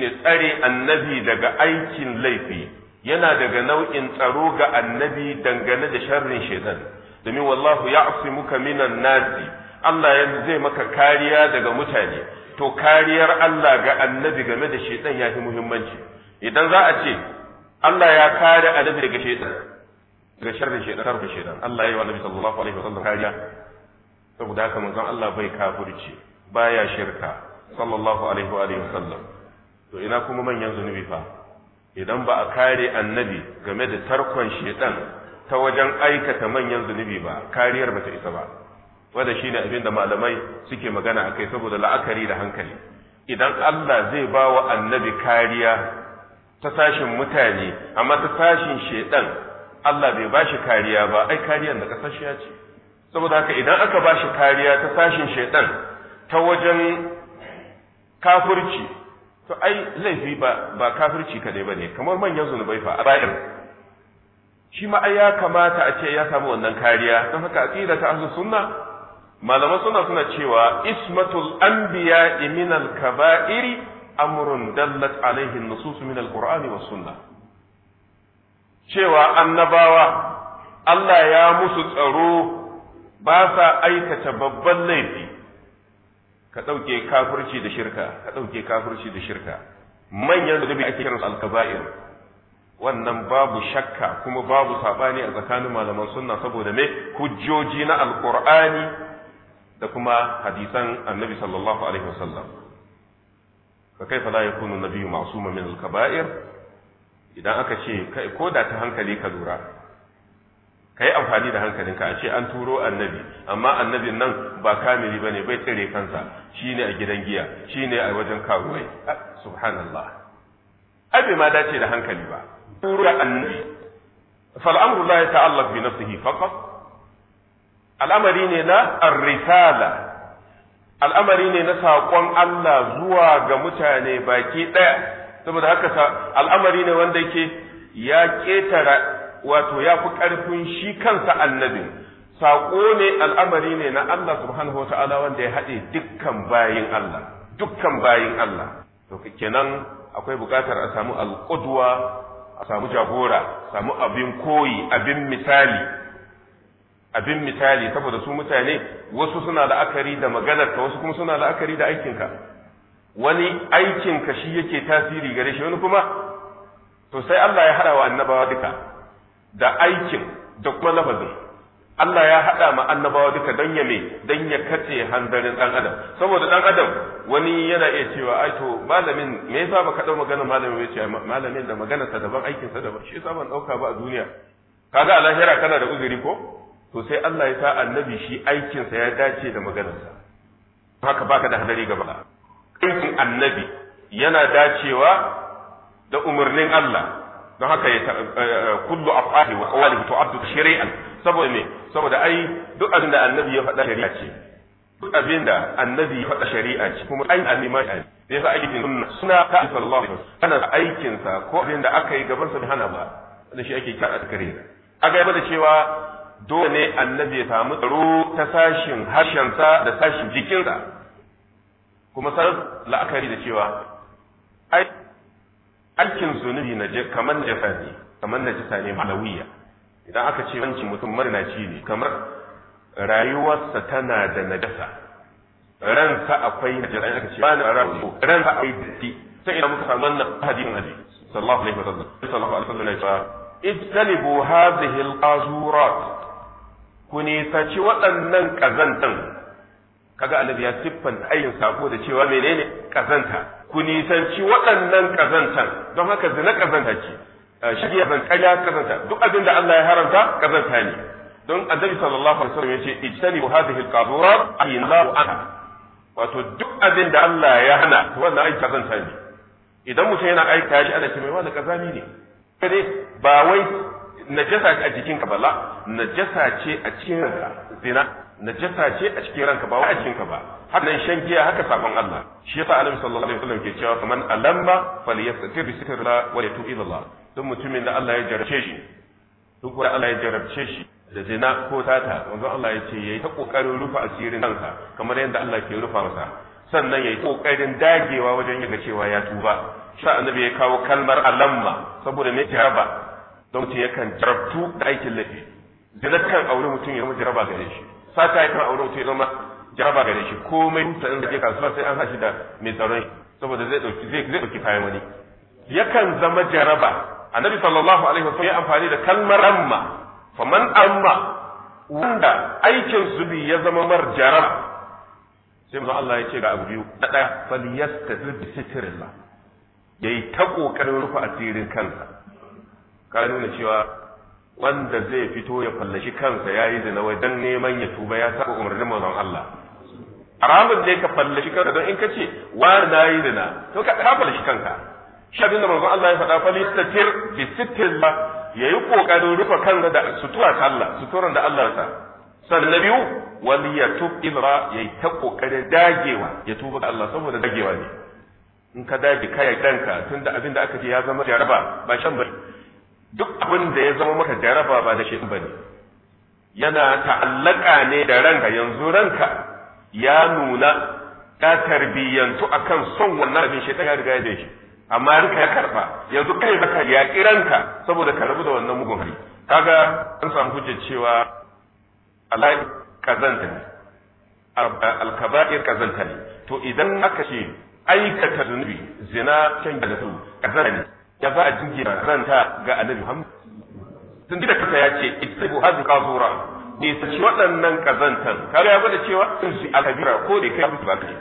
ne tsare annabi daga aikin laifi yana daga nau'in tsaro ga annabi dangane da sharrin shaitan domin wallahu muka minan nasi Allah ya zai maka kariya daga mutane to kariyar Allah ga annabi game da shaitan yafi muhimmanci idan za a ce Allah ya kare annabi daga shaytan daga sharrin shaytan karfa shaytan Allah ya yi wa annabi sallallahu alaihi wa sallam kariya saboda haka manzon Allah bai kafirci baya shirka sallallahu alaihi wa sallam to ina kuma manyan zunubi fa idan ba a kare annabi game da tarkon shaytan ta wajen aikata manyan zunubi ba kariyar bata isa ba wanda shine abin da malamai suke magana akai saboda la'akari da hankali idan Allah zai ba wa annabi kariya ta sashin mutane amma ta sashin shedan Allah bai bashi kariya ba ai kariyan da kasashiya ce saboda haka idan aka ba shi kariya ta sashin shedan ta wajen kafirci to ai laifi ba ba kafirci kadai bane kamar manyan zunubai fa a shi ma ai ya kamata a ce ya samu wannan kariya don haka aqida ta ahlus sunna malaman suna suna cewa ismatul anbiya'i minal kaba'iri amrun dallat عليه النصوص nusus القرآن والسنة cewa annabawa Allah ya musu tsaro ba sa aikata babban laifi ka ɗauke kafirci da shirka ka ɗauke kafirci da shirka manyan bi ake kiransu alkaza'ir wannan babu shakka kuma babu sabani a tsakanin malaman sunna saboda me hujjoji na alqur'ani da kuma hadisan annabi sallallahu alaihi wasallam fa kaifa la yakunu nabiyyu ma'suma min al-kaba'ir idan aka ce kai ko da ta hankali ka lura kai amfani da hankalinka a ce an turo annabi amma annabin nan ba kamili bane bai tsare kansa shine a gidan giya shine a wajen karuwai ah, subhanallah abi ma dace da hankali ba turo annabi fal amru la yata'allaq bi nafsihi faqat al'amari ne na ar-risala al'amari ne na saƙon Allah zuwa ga mutane baki ɗaya saboda haka al'amari ne wanda yake ya ƙetara wato ya fi ƙarfin shi kansa annabin saƙo ne al'amari ne na Allah subhanahu wa ta'ala wanda ya haɗe dukkan bayin Allah dukkan bayin Allah to kenan akwai buƙatar a samu alƙudwa a samu jagora samu abin koyi abin misali abin misali saboda su mutane wasu suna la'akari da maganarka wasu kuma suna la'akari da aikinka wani aikinka shi yake tasiri gare shi wani kuma to sai Allah ya haɗa wa annabawa duka da aikin da kuma lafazin Allah ya haɗa ma annabawa duka don ya me don ya kace hanzarin ɗan adam saboda ɗan adam wani yana iya cewa ai to malamin me yasa ka ɗau magana malamin ya ce malamin da maganarsa daban aikinsa daban shi yasa ban ɗauka ba a duniya kaga a lahira kana da uzuri ko to sai Allah ya sa annabi shi aikinsa ya dace da maganarsa haka baka da hadari gaba aikin annabi yana dacewa da umarnin Allah don haka ya eh, eh, kullu afali wa qawlihi tu'addu shari'an saboda me saboda ai duk abin da annabi ya faɗa shari'a ce duk abin da annabi ya faɗa shari'a ce kuma ai annabi ne yasa aikin sunna suna ka sallallahu alaihi wasallam kana aikin sa ko abin da aka yi gaban sa bai hana ba da shi ake kira a kare aga yaba da cewa dole ne annabi ya samu tsaro ta sashin harshensa da sashin jikinsa kuma san la'akari da cewa aikin zunubi na kamar najasa ne kamar najasa ne malawiya idan aka ce wanci mutum marinaci ne kamar rayuwarsa tana da najasa ransa akwai najasa aka ce bani rawo ransa akwai datti sai idan muka samu wannan hadisin ali sallallahu alaihi wasallam sallallahu alaihi wasallam ya ce ijtanibu hadhihi al ku nisaci waɗannan ƙazantan kaga annabi ya siffanta ayin sako da cewa menene ƙazanta ku nisanci waɗannan ƙazantan don haka zina ƙazanta ce shige ya ƙarya ƙazanta duk abin da Allah ya haramta ƙazanta ne don annabi sallallahu alaihi wasallam yace ijtanibu hadhihi al-qabura ayyallahu anha wato duk abin da Allah ya hana wannan ayi ƙazanta ne idan mutum yana aika shi ana ce mai ƙazami ne ba wai najasa a jikinka ba najasa ce a cikin ranka zina najasa ce a cikin ranka ba wa a jikinka ba haka nan shan giya haka sakon Allah shi yasa Annabi sallallahu alaihi wasallam ke cewa kaman alamba falyastatir bi sitrillah wa yatub ila Allah duk mutumin da Allah ya jarabce shi duk wanda Allah ya jarabce shi da zina ko tata wanda Allah ya ce yayi ta kokarin rufa asirin kansa kamar yadda Allah ke rufa masa sannan yayi kokarin dagewa wajen yaga cewa ya tuba sha annabi ya kawo kalmar alamma saboda ne raba. don mutum yakan jarabtu da aikin laifi zina kan aure mutum ya zama jaraba gare shi sata ya kan aure mutum ya zama jaraba gare shi komai ta in zai kasuwa sai an hashi da mai tsaron shi saboda zai dauki zai zai dauki kayan wani yakan zama jaraba annabi sallallahu alaihi wasallam ya amfani da kalmar amma faman amma wanda aikin zubi ya zama mar jaraba sai mu Allah ya ce ga abu biyu na ɗaya fal yastazil bi sitrillah yayi ta kokarin rufe asirin kansa ka nuna cewa wanda zai fito ya fallashi kansa ya yi zina wai dan neman ya tuba ya saba umarnin manzon Allah haramun ne ka fallashi kanka don in ka ce wa na yi zina to ka ka fallashi kanka shi abin da manzon Allah ya faɗa fali tatir bi ba ya yi ƙoƙarin rufe kansa da sutura ta Allah suturan da Allah ta sannan na biyu wani ya tub ilra ya yi ta ƙoƙarin dagewa ya tuba ga Allah saboda dagewa ne in ka dage kai tun da abin da aka ce ya zama jaraba ba shan bari duk abin da ya zama maka jaraba ba da shi ne. yana ta'allaka ne da ranka yanzu ranka ya nuna ka tarbiyyantu akan son wannan abin shi ya riga da shi amma ranka ya karba yanzu kai baka ya kiranka saboda ka rabu da wannan mugun hali kaga an samu hujjar cewa alai kazanta ne alkaba'ir kazanta ne to idan aka ce aikata zunubi zina kan da su kazanta ne ya za a jingina ranta ga annabi Muhammad tun da kansa ya ce ittabu hadhihi qazura ne su ci waɗannan kazantan kaga ya gwada cewa sun su akabira ko da kai ba kai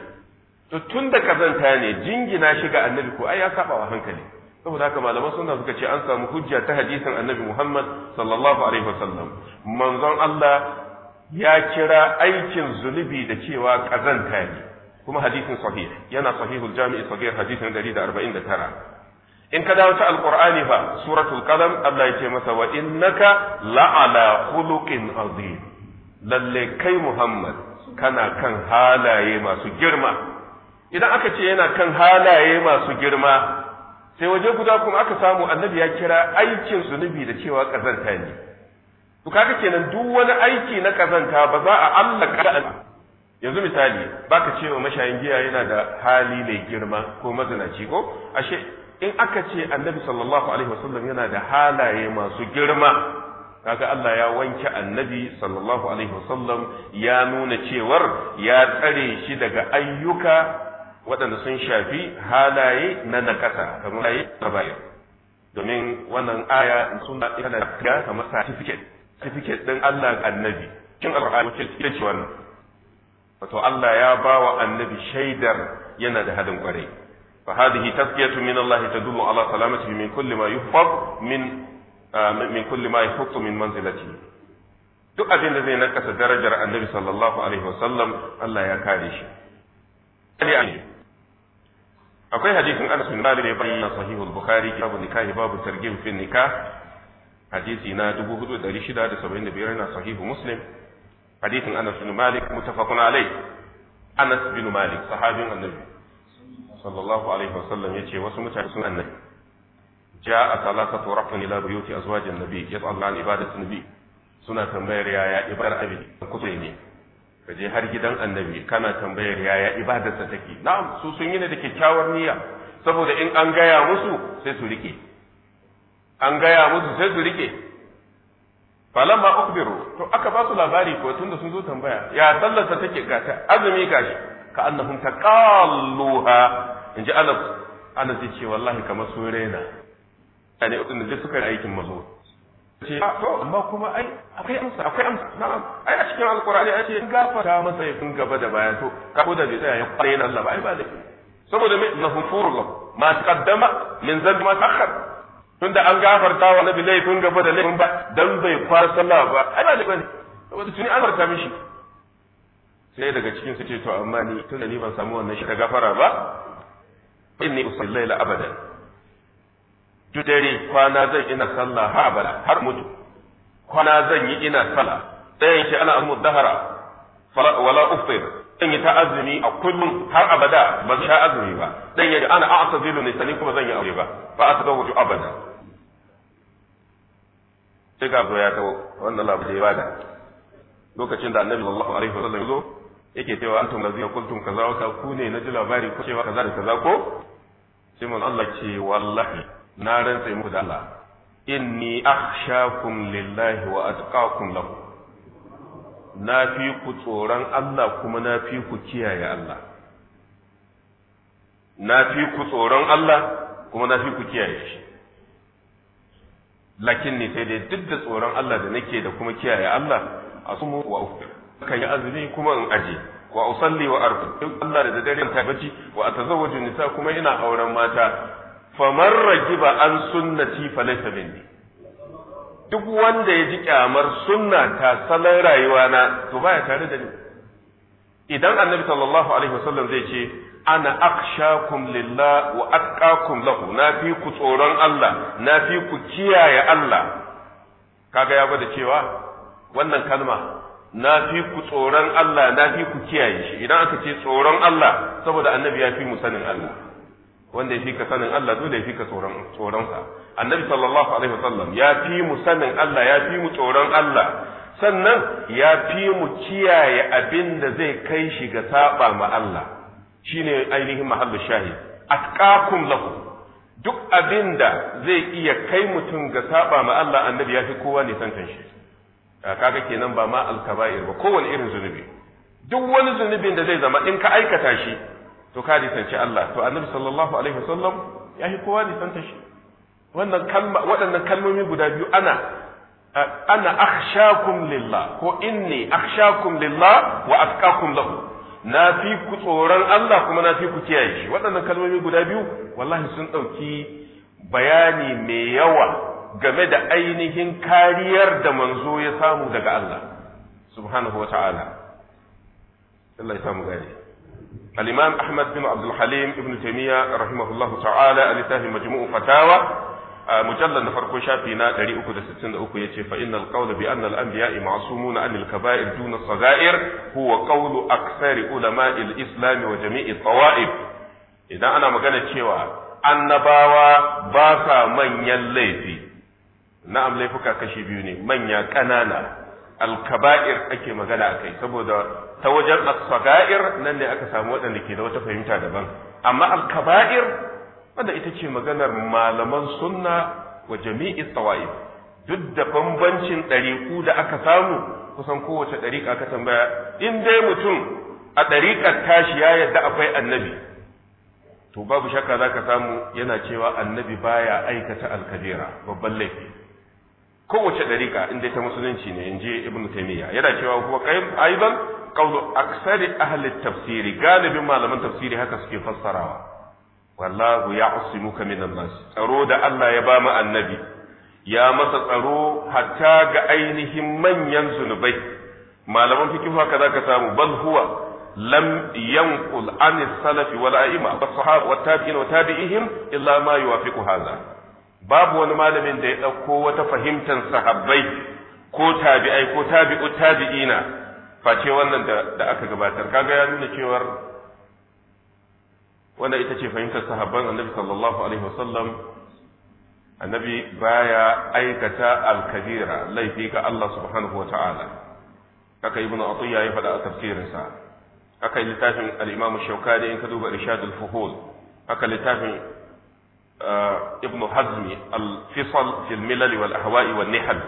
to tun da kazanta ne jingina shi ga annabi ko ai ya saba wa hankali saboda haka malaman sunna suka ce an samu hujja ta hadisin annabi Muhammad sallallahu alaihi wasallam manzon Allah ya kira aikin zunubi da cewa kazanta ne kuma hadisin sahih yana sahihul jami'i sahih hadisin 149 in ka dawo ta alqur'ani fa suratul qalam Allah ya ce masa wa innaka la'ala khuluqin azim lalle kai Muhammad kana kan halaye masu girma idan aka ce yana kan halaye masu girma sai waje guda kuma aka samu annabi ya kira aikin zunubi da cewa kazanta ne to kaga kenan duk wani aiki na kazanta ba za a allaka yanzu misali baka cewa mashayin giya yana da hali mai girma ko mazinaci ko ashe in aka ce annabi sallallahu alaihi wasallam yana da halaye masu girma kaga Allah ya wanke annabi sallallahu alaihi wasallam ya nuna cewar ya tsare shi daga ayyuka waɗanda sun shafi halaye na nakasa kamar ayi tabayar domin wannan aya suna ina da kamar certificate certificate din Allah annabi kin alqur'ani ita ce wannan wato Allah ya bawa annabi shaidar yana da hadin kwarai فهذه تزكية من الله تدل على سلامته من كل ما يحفظ من من كل ما يحط من منزلته duk abin da zai nakasa darajar annabi sallallahu alaihi wasallam Allah ya kare shi akwai hadisin Anas bin Malik da bayyana sahihul Bukhari babu nikahi babu targhib fi nikah hadisi na 4675 na sahihu Muslim hadisin Anas bin Malik muttafaqun alai Anas bin Malik sahabin annabi sallallahu alaihi wasallam yace wasu mutane sun annabi ja'a salatatu rafin ila buyuti azwajin nabi Allah an ibadatu nabi suna tambayar yaya ibadar abin sai ne ka je har gidan annabi kana tambayar yaya ibadarsa take na'am su sun yi ne da kyakkyawar niyya saboda in an gaya musu sai su rike an gaya musu sai su rike falamma ukbiru to aka ba su labari ko tunda sun zo tambaya ya sallarsa take gata azumi gashi ka annahum taqalluha in ji anas anas ya ce wallahi kamar sun raina yani wadanda duk suka yi aikin mazo ce ah, to amma kuma ai akwai amsa akwai amsa na'am ai a cikin alqur'ani ai ce gafarta masa ya kun gaba da baya to ka ko bai tsaya ya kware nan Allah ba ai ba da saboda me na hufurul ma taqaddama min zambi ma ta'akhkhar tunda an gafarta wa nabi laifin gaba da laifin ba dan bai kwar sallah ba ai ba da bane saboda tuni an farta mishi sai daga cikin su ce to amma ni tunda ni ban samu wannan shiga gafara ba inni usalli laila abada. duk dare kwana zan ina sallah ha abada har mutu kwana zan yi ina sallah ɗayan shi ana amu dahara wala ufir in yi ta azumi a kullum har abada ban sha azumi ba dan yaji ana a asazilu ne sani kuma zan yi aure ba ba a saka wuce abada sai ga ya ta wannan labarai ba da lokacin da annabi sallallahu alaihi wasallam ya zo yake cewa antum lazina qultum kaza wa ku ne na ji labari ku cewa kaza da kaza ko sai mun Allah ce wallahi na rantsa muku da Allah inni akhshakum lillahi wa atqakum lahu na fi ku tsoron Allah kuma na fi ku kiyaye Allah na fi ku tsoron Allah kuma na fi ku kiyaye shi lakin ni sai dai duk da tsoron Allah da nake da kuma kiyaye Allah asumu wa ukhra kan yi azumi kuma in aje wa usalli wa in Allah da dare ta bacci wa atazawwaju nisa kuma ina auren mata faman rajiba an sunnati falaysa minni duk wanda ya ji kyamar sunna ta salon rayuwa na to baya tare da ni idan annabi sallallahu alaihi wasallam zai ce ana akshakum lillah wa atqakum lahu na fi ku tsoron Allah na fi ku kiyaye Allah kaga ya gwada cewa wannan kalma na fi ku tsoron Allah na fi ku kiyaye shi idan aka ce tsoron Allah saboda annabi ya fi mu sanin Allah wanda ya fi ka sanin Allah dole ya fi ka tsoron tsoron sa annabi sallallahu alaihi wasallam ya fi mu sanin Allah ya fi mu tsoron Allah sannan ya fi mu kiyaye abin da zai kai shi ga saba ma Allah shine ainihin mahallu shahid atqakum lahu duk abin da zai iya kai mutum ga saba ma Allah annabi ya fi kowa ne san shi kaga kenan ba ma alkaba'ir ba kowane irin zunubi duk wani zunubin da zai zama in ka aikata shi to ka nisanci Allah to annabi sallallahu alaihi wasallam ya yi kowa nisanta shi wannan kalma waɗannan kalmomi guda biyu ana ana akhshakum lillah ko inni akhshakum lillah wa atqakum lahu na fi ku tsoron Allah kuma na fi ku kiyaye shi waɗannan kalmomi guda biyu wallahi sun ɗauki bayani mai yawa game da ainihin kariyar da manzo ya samu daga Allah subhanahu wa ta'ala Allah ya samu gari al-imam Ahmad bin Abdul Halim ibn Taymiyyah rahimahullahu ta'ala a littafin majmu'u fatawa a mujallar na farko shafi na 363 yace fa innal qawla bi annal al-anbiya'i ma'sumuna an al-kaba'ir duna as-sagha'ir huwa qawlu aktsari ulama'i al-islam wa jami'i al idan ana magana cewa annabawa ba sa manyan laifi na'am laifuka kashi biyu ne manya ƙanana alkaba'ir ake magana a kai saboda ta wajen asfaga'ir nan ne aka samu waɗanda ke da wata fahimta daban amma alkaba'ir wanda ita ce maganar malaman sunna wa jami'i tsawa'i duk da bambancin ɗariku da aka samu kusan kowace ɗariƙa ka tambaya in dai mutum a ɗariƙar tashi ya yadda akwai annabi to babu shakka za ka samu yana cewa annabi baya aikata alkabira babban laifi kowace dariƙa inda ta musulunci ne in je ibnu taymiya yana cewa kuma qayyim aidan qawlu aksari ahli tafsiri galibin malaman tafsiri haka suke fassarawa wallahu ya'simuka minan nas tsaro da Allah ya ba mu annabi ya masa tsaro hatta ga ainihin manyan zunubai malaman fikihu haka zaka samu bal huwa لم ينقل عن السلف والأئمة والصحابة wa وتابعيهم illa ما يوافق هذا babu wani malamin da ya ɗauko wata fahimtar sahabbai ko tabi'ai ko tabi'u tabi'ina face wannan da aka gabatar kaga ya nuna cewar wannan ita ce fahimtar sahabban annabi sallallahu alaihi wasallam annabi baya aikata alkabira laifi ga Allah subhanahu wa ta'ala haka ibnu atiya ya faɗa a tafsirinsa haka littafin al-imam shaukani in ka duba irshadul fuhul haka littafin ibnu hazmi al-fisal fil milal wal ahwa'i wan nihal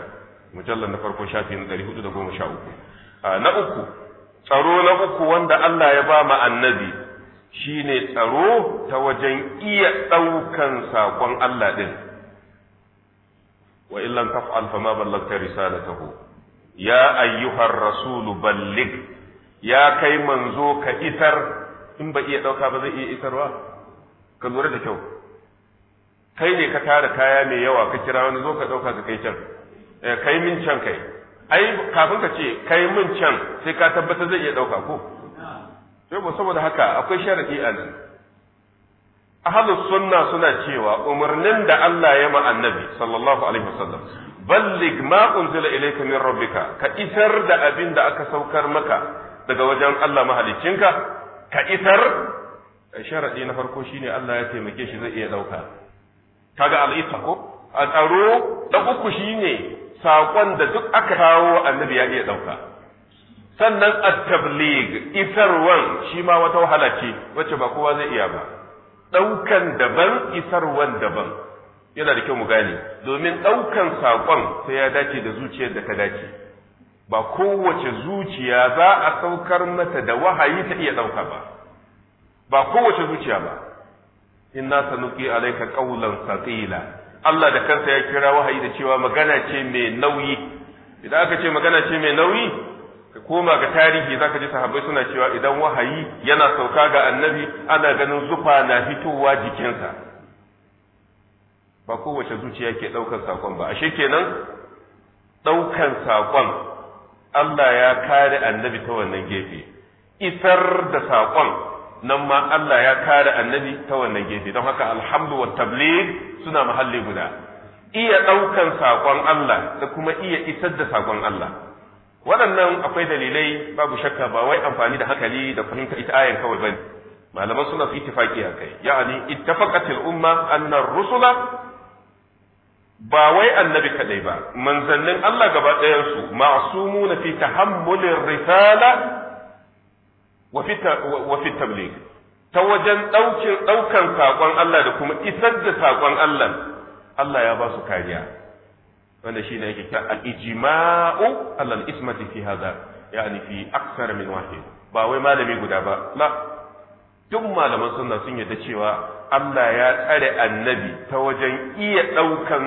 mujallal na farko shafi na 413 na uku tsaro na uku wanda Allah ya ba mu annabi shine tsaro ta wajen iya ɗaukan sakon Allah ɗin, wa illan taf'al fa ma ballagta risalatahu ya ayyuhar rasulu ballig ya kai manzo ka itar in ba iya ɗauka ba zai iya isarwa ka lura da kyau kai ne ka tara kaya mai yawa ka kira wani zo ka ɗauka ka kai can eh, kai min can kai ai kafin ka ce kai min can sai ka tabbata zai iya ɗauka ko sai ba saboda haka akwai sharadi a nan ahlus sunna suna cewa umarnin da Allah ya ma annabi sallallahu alaihi wasallam ballig ma unzila ilayka min rabbika ka isar da abin da aka saukar maka daga wajen Allah mahalicinka ka isar sharadi na farko shine Allah ya taimake shi zai iya ɗauka kaga al'isa ko a tsaro da uku shine saƙon da duk aka kawo annabi ya iya ɗauka sannan at-tabligh isarwan shi ma wata wahala ce wacce ba kowa zai iya ba ɗaukan daban isarwan daban yana da kyau mu gane domin ɗaukan saƙon sai ya dace da zuciyar da ta dace ba kowace zuciya za a saukar mata da wahayi ta iya ɗauka ba ba kowace zuciya ba inna sanuki alayka qawlan thaqila Allah da kansa ya kira wahayi da cewa magana ce mai nauyi idan aka ce magana ce mai nauyi ka koma ga tarihi zaka ji sahabbai suna cewa idan wahayi yana sauka ga annabi ana ganin zufa na fitowa jikinsa ba kowace zuciya ke ɗaukar sakon ba ashe kenan ɗaukan sakon Allah ya kare annabi ta wannan gefe isar da saƙon nan ma Allah ya kare annabi ta wannan gefe don haka alhamdu wa tabligh suna mahalli guda iya ɗaukan saƙon Allah da kuma iya isar da saƙon Allah waɗannan akwai dalilai babu shakka ba wai amfani da hakali da fahimta ita ayan kawai bane malaman suna su ittifaki a kai ya'ani ittafaqatil umma anna rusula ba wai annabi kadai ba manzannin Allah gaba ɗayansu ma'sumuna fi tahammulir risala wa fi tabligh ta wajen ɗaukin ɗaukan saƙon Allah da kuma isar da saƙon Allah Allah ya ba su kariya wanda shi ne yake kira al-ijma'u alal ismati fi hadha yani fi aksar min wahid ba wai malami guda ba la duk malaman sunna sun yarda cewa Allah ya tsare annabi ta wajen iya ɗaukan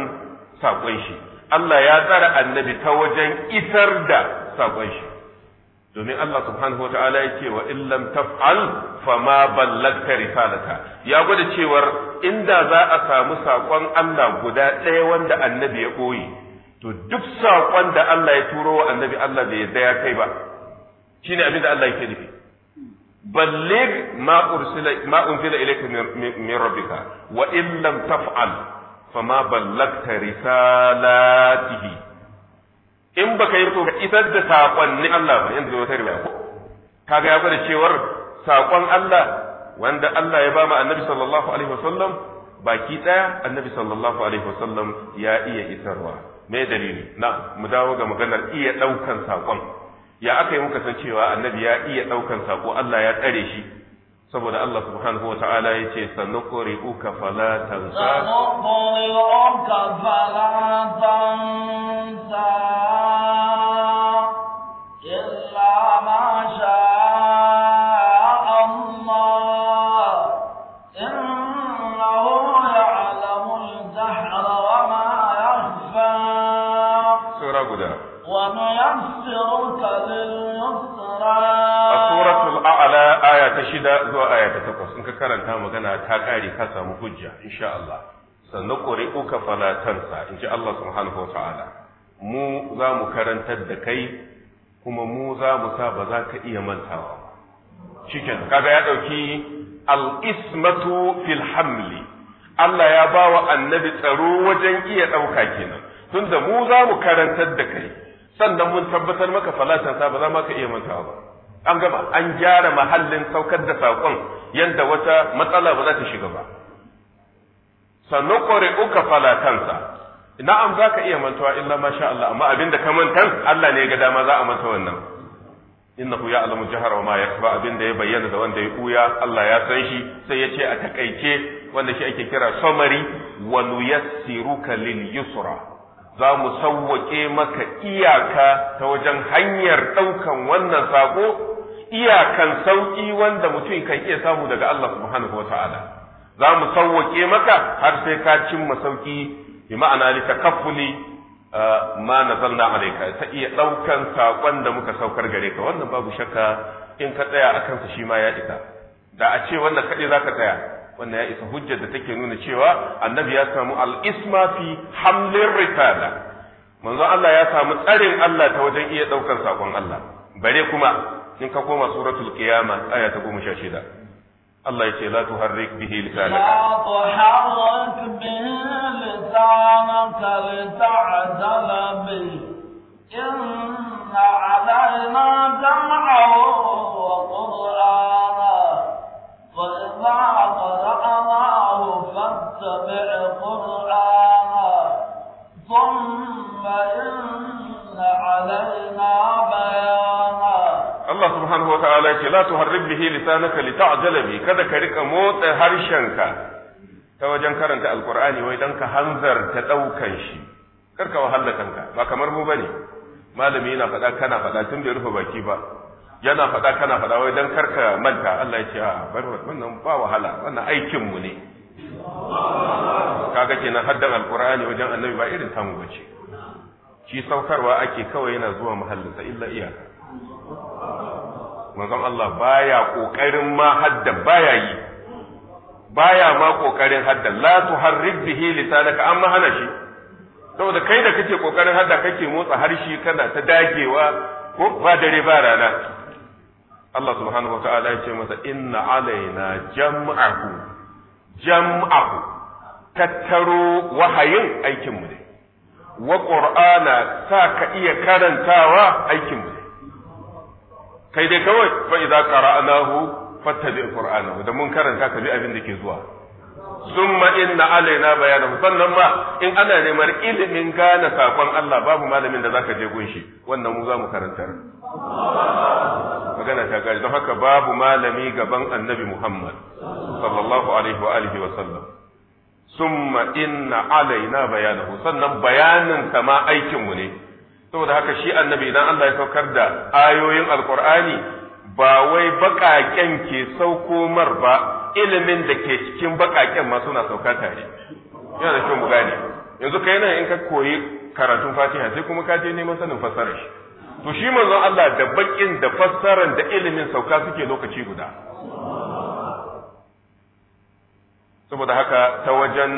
saƙon shi Allah ya tsare annabi ta wajen isar da saƙon shi domin Allah subhanahu wa ta'ala ya ce wa illam taf'al fama ballagta risalata ya gwada cewar inda za a samu saƙon Allah guda ɗaya wanda annabi ya koyi to duk saƙon da Allah ya turo wa annabi Allah bai yarda ya kai ba shine abin da Allah yake nufi ballig ma ursila ma unzila ilayka min rabbika wa illam taf'al fama ballagta risalatihi in ba ka yi to ka isar da saƙonnin Allah ba yanzu wata riwaya ko kaga ya bada cewar saƙon Allah wanda Allah ya ba mu annabi sallallahu alaihi wasallam baki ɗaya annabi sallallahu alaihi wasallam ya iya isarwa me dalili na mu dawo ga maganar iya ɗaukan saƙon ya aka yi muka san cewa annabi ya iya ɗaukan saƙo Allah ya tsare shi saboda Allah subhanahu wa ta'ala ya ce sanukuri uka fala tansa sanukuri uka fala tansa illa ma wa ma yakhfa sura lil-yusra ta shida zuwa aya ta takwas in ka karanta magana ta ƙare, ka samu hujja insha Allah sannan ƙuri'uka falatansa in ji Allah subhanahu wa ta'ala mu za mu karantar da kai kuma mu za mu sa ba za ka iya mantawa cikin kaga ya ɗauki al'ismatu fil hamli Allah ya ba wa annabi tsaro wajen iya ɗauka kenan tunda mu za mu karantar da kai sannan mun tabbatar maka falatansa ba za ma ka iya mantawa ba an gama an gyara mahallin saukar da saƙon yadda wata matsala ba za ta shiga ba sannu kore uka falatansa na'am za ka iya mantawa illa ma Allah amma abin da ka mantan Allah ne ga dama za a manta wannan innahu ya alamu jahar wa ma yakhfa abin da ya bayyana da wanda ya kuya Allah ya san shi sai ya ce a takaice wanda shi ake kira summary wa nuyassiruka lil yusra za mu sauwaƙe maka iyaka ta wajen hanyar ɗaukan wannan saƙo iyakan sauƙi wanda mutum kan iya samu daga Allah subhanahu wata'ala za mu sauwaƙe maka har sai ka cimma sauƙi bi ma'ana li takaffuli uh, ma nazalna alayka ta iya ɗaukan saƙon da muka saukar gare ka wannan babu shakka in ka tsaya a kansa shi ma ya isa da a ce wannan kaɗai za ka tsaya wannan ya isa hujjar da take nuna cewa annabi ya samu al-isma fi hamlin risala manzo Allah ya samu tsarin Allah ta wajen iya ɗaukan saƙon Allah bare kuma in ka koma suratul qiyama aya ta goma sha shida Allah ya ce la tuharrik bihi lisanaka la tuharrik bihi lisanaka li ta'dala inna alaina jam'ahu wa qur'ana wa idha qara'nahu fattabi' qur'ana thumma inna alaina bayan Allah subhanahu wa ta'ala ce la tuharrib bihi lisanaka lita'jala bi kada ka rika motsa harshenka ta wajen karanta alqur'ani wai dan ka hanzar ta daukan shi kar ka wahala kanka ba kamar mu bane malami yana faɗa kana faɗa tun bai rufe baki ba yana faɗa kana faɗa wai dan kar ka manta Allah ya ce a bar wannan ba wahala wannan aikin mu ne kaga kenan haddan alqur'ani wajen annabi ba irin tamu bace shi saukarwa ake kawai yana zuwa mahallinsa illa iyaka manzon Allah baya kokarin ma hadda baya yi baya ma kokarin hadda la tuharrik bihi lisanaka amma hana shi saboda kai da kake kokarin hadda kake motsa harshe kana ta dagewa ko ba dare ba rana Allah subhanahu wa ya ce masa inna alaina jam'ahu jam'ahu tattaro wahayin aikinmu ne wa qur'ana sa ka iya karantawa aikinmu kai dai kawai fa idza qara'nahu fattabi alqur'ana da mun karanta ka bi abin da ke zuwa summa inna alaina bayanahu sannan ba in ana neman ilimin gane sakon Allah babu malamin da zaka je gunshi wannan mu za mu karanta. magana ta gari don haka babu malami gaban annabi Muhammad sallallahu alaihi wa alihi wa sallam summa inna alaina bayanahu sannan bayanin kama aikin mu ne saboda haka shi annabi idan Allah ya saukar da ayoyin alkur'ani ba wai baƙaƙen ke saukomar ba ilimin da ke cikin baƙaƙen ma suna sauka tare yana da kyau mu gane yanzu kai nan in ka koyi karatun fatiha sai kuma ka je neman sanin fassarar shi to shi manzon Allah da baƙin da fassaran da ilimin sauka suke lokaci guda saboda haka ta wajen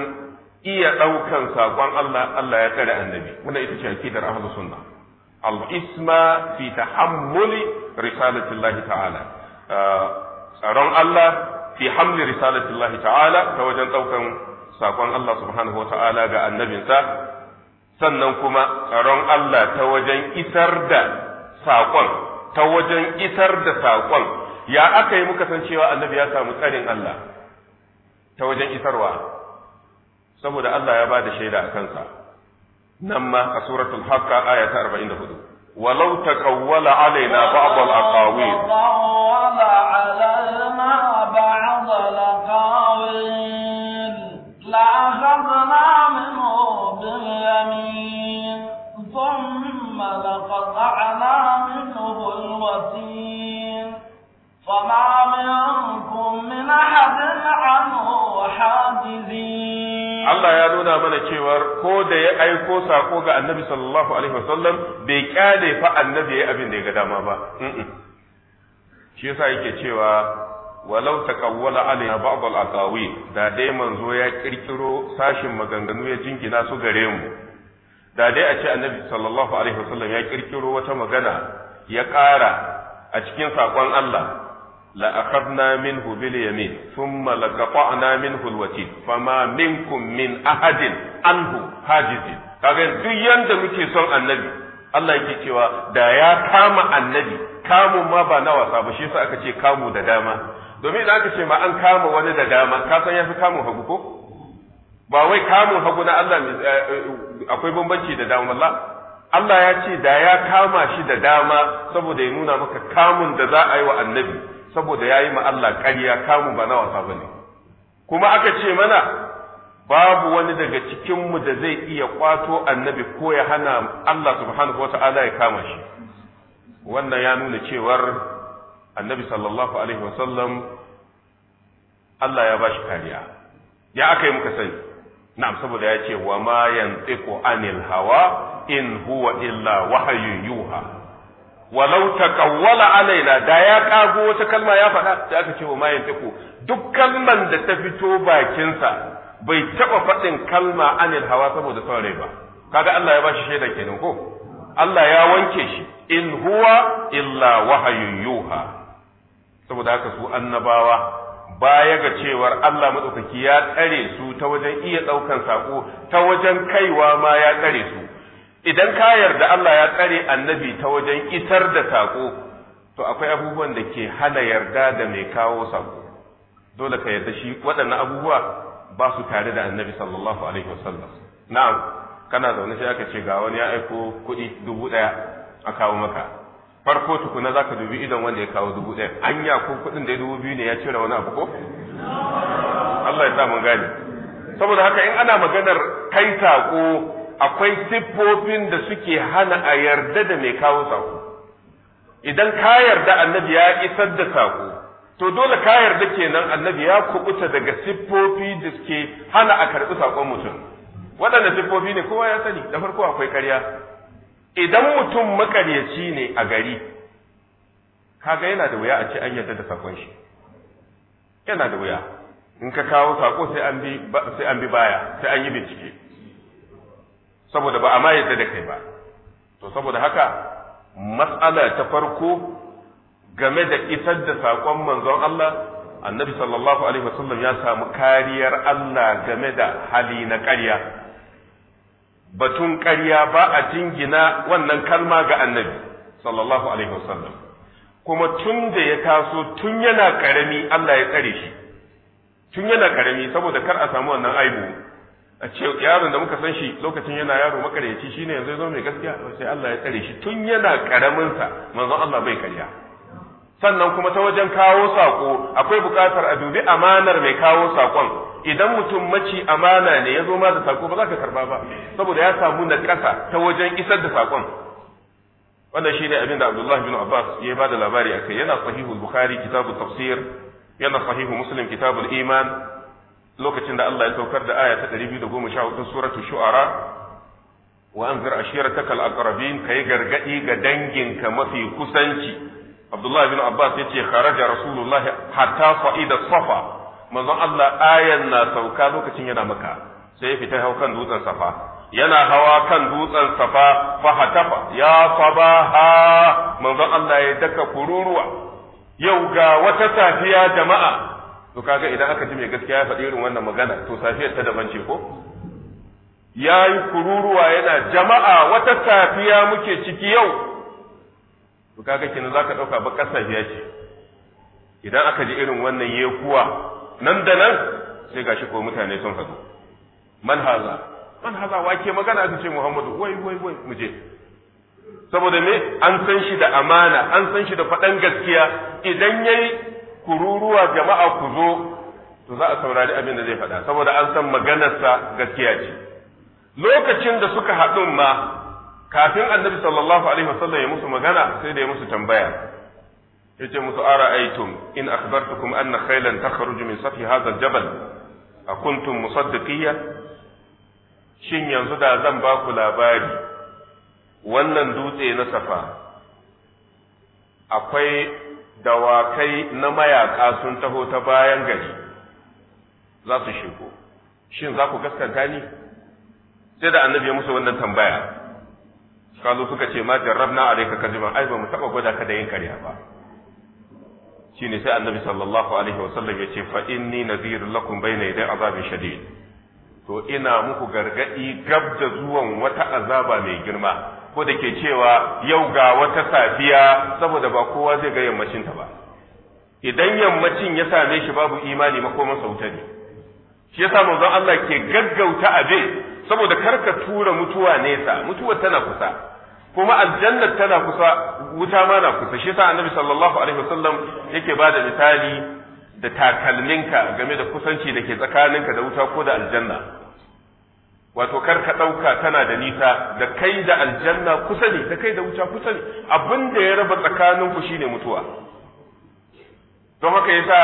iya ɗaukan saƙon Allah Allah ya tare annabi wannan ita ce akidar ahlus sunna al-isma fi tahammuli risalati Allah ta'ala ah, tsaron Allah fi hamli risalati Allah ta'ala ta wajen daukan sakon Allah subhanahu wa ta'ala ga annabinsa sannan kuma tsaron Allah ta wajen isar da sakon isar da sakon ya aka yi muka san cewa annabi ya samu tsarin Allah ta wajen isarwa saboda Allah ya ba da shaida a kansa نما سورة الحق آية 40 ولو تقول علينا بعض الأقاويل تقول علينا بعض الأقاويل لأخذنا منه باليمين ثم لقطعنا منه الوتين فما منكم من أحد عنه حادثين Allah ya nuna mana cewar ko da ya aiko sako ga annabi sallallahu alaihi wasallam bai kyale fa annabi yayi abin da ya ga dama ba shi yasa yake cewa walau takawwala alaina ba'd al-aqawi da dai manzo ya kirkiro sashin maganganu ya jingina su gare mu da dai a ce annabi sallallahu alaihi wasallam ya kirkiro wata magana ya ƙara a cikin sakon Allah لأخذنا منه باليمين ثم لقطعنا منه الوتين فما منكم من أحد عنه حاجز kaga duk yanda muke son annabi Allah yake cewa da ya kama annabi kamun ma ba na wasa ba shi yasa aka ce kamu da dama domin idan aka ce ma an kama wani da dama ka san yafi kamun hagu ko ba wai kamun hagu na Allah eh, eh, akwai bambanci da dama Allah Allah ya ce da ya kama shi da dama saboda ya nuna maka kamun da za a yi wa annabi saboda ya yi Allah ƙarya kamu ba na wasa ba ne kuma aka ce mana babu wani daga cikinmu da zai iya kwato annabi ko ya hana Allah subhanahu wa ta'ala ya kama shi wannan ya nuna cewar annabi sallallahu alaihi wasallam Allah ya ba shi kariya ya aka yi muka sani na'am saboda ya ce wa ma yantiqu anil hawa in huwa illa wahyun yuha walau taqawwala alaina da ya kago wata kalma ya faɗa da aka ce wa ma yantiku duk kalman da ta fito bakinsa bai taɓa faɗin kalma anil hawa saboda son rai ba kaga Allah ya bashi shaida kenan ko Allah ya wanke shi in huwa illa wahayun yuha saboda haka su annabawa baya ga cewar Allah maɗaukaki ya tsare su ta wajen iya ɗaukan sako ta wajen kaiwa ma ya tsare su idan ka yarda Allah ya tsare annabi ta wajen isar da sako to akwai abubuwan da ke hana yarda da mai kawo sako dole ka yarda shi waɗannan abubuwa ba su tare da annabi sallallahu alaihi wasallam na'am kana zaune sai aka ce ga wani ya aiko kuɗi dubu ɗaya a kawo maka farko tukuna zaka dubi idan wanda ya kawo dubu ɗaya anya ko kuɗin da ya dubu biyu ne ya cire wani abu ko Allah ya sa mun gane saboda haka in ana maganar kai sako akwai siffofin da suke hana a yarda da mai kawo sako idan ka yarda annabi ya isar da sako to dole ka yarda kenan annabi ya kubuta daga siffofi da suke hana a karbi sakon mutum waɗanda siffofi ne kowa ya sani da farko akwai ƙarya idan mutum makaryaci ne a gari kaga yana da wuya a ce an yarda da sakon shi yana da wuya in ka kawo sako sai an bi baya sai an yi bincike saboda ba a ma yadda da kai ba to saboda haka matsala ta farko game da isar da saƙon manzon Allah annabi sallallahu alaihi wasallam ya samu kariyar Allah game da hali na ƙarya batun ƙarya ba a jingina wannan kalma ga annabi sallallahu alaihi wasallam kuma tun da ya taso tun yana ƙarami Allah ya tsare shi tun yana ƙarami saboda kar a samu wannan aibu a ce yaron da muka san shi lokacin yana yaro makaryaci shine yanzu ya zo mai gaskiya sai Allah ya tsare shi tun yana karamin sa manzon Allah bai karya sannan kuma ta wajen kawo sako akwai bukatar a dubi amanar mai kawo sakon idan mutum maci amana ne ya zo ma da sako ba za ka karba ba saboda ya samu na ƙasa ta wajen isar da sakon wannan shine abin da Abdullah bin Abbas ya bada labari akai yana sahihul Bukhari kitabut tafsir yana sahihu Muslim kitabul iman lokacin da Allah ya saukar da aya ta 214 suratul shu'ara wa anzir ashiratak al-aqrabin kai gargadi ga danginka mafi kusanci Abdullah bin Abbas yace kharaja Rasulullah hatta sa'ida safa manzon Allah ayan na sauka lokacin yana maka sai ya fita hau kan dutsen safa yana hawa kan dutsen safa fa hatafa ya sabaha manzon Allah ya daka kururuwa yau ga wata safiya jama'a to kaga idan aka ji mai gaskiya ya faɗi irin wannan magana to safiyar ta daban ce ko ya yi kururuwa yana jama'a wata safiya muke ciki yau to kaga kina za ka ɗauka ba safiya ce idan aka ji irin wannan ya kuwa nan da nan sai gashi ko mutane sun hazo man haza man haza wake magana aka ce muhammadu wai wai wai mu je saboda me an san shi da amana an san shi da faɗan gaskiya idan yayi kururuwa jama'a ku zo to za a saurari abin da zai faɗa saboda an san maganarsa gaskiya ce lokacin da suka haɗu ma kafin annabi sallallahu alaihi wasallam ya musu magana sai da ya musu tambaya yace musu ara aitum in akhbartukum anna khaylan takhruju min safi hadha al-jabal akuntum musaddiqiyya shin yanzu da zan ba ku labari wannan dutse na safa akwai dawakai na mayaka sun taho ta bayan gari za su shigo shin za ku gaskanta ni sai da annabi ya musu wannan tambaya zo suka ce ma jarrabna alayka kadiban ai ba mu taba gwada ka da yin karya ba shine sai annabi sallallahu alaihi wasallam ya ce fa inni nadhir lakum bayna yaday azabin shadid to ina muku gargadi gab da zuwan wata azaba mai girma ko da ke cewa yau ga wata safiya saboda ba kowa zai ga yammacinta ba idan yammacin ya same shi babu imani makoman sauta ne shi yasa manzon Allah ke gaggauta abe saboda karka tura mutuwa nesa mutuwa tana kusa kuma aljanna tana kusa wuta ma na kusa shi yasa annabi sallallahu alaihi wasallam yake bada misali da takalminka game da kusanci da ke tsakaninka da wuta ko da aljanna wato kar ka ɗauka tana da nisa da kai da aljanna kusa ne da kai da wuta kusa ne abin da ya raba tsakanin ku shine mutuwa don haka yasa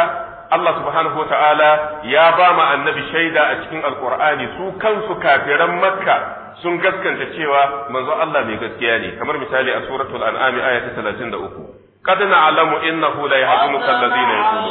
Allah subhanahu wa ta'ala ya ba ma annabi shaida a cikin alkur'ani su kansu kafiran makka sun gaskanta cewa manzo Allah mai gaskiya ne kamar misali a suratul an'ami aya ta 33 qad na'lamu innahu la yahzunuka alladhina yaqulun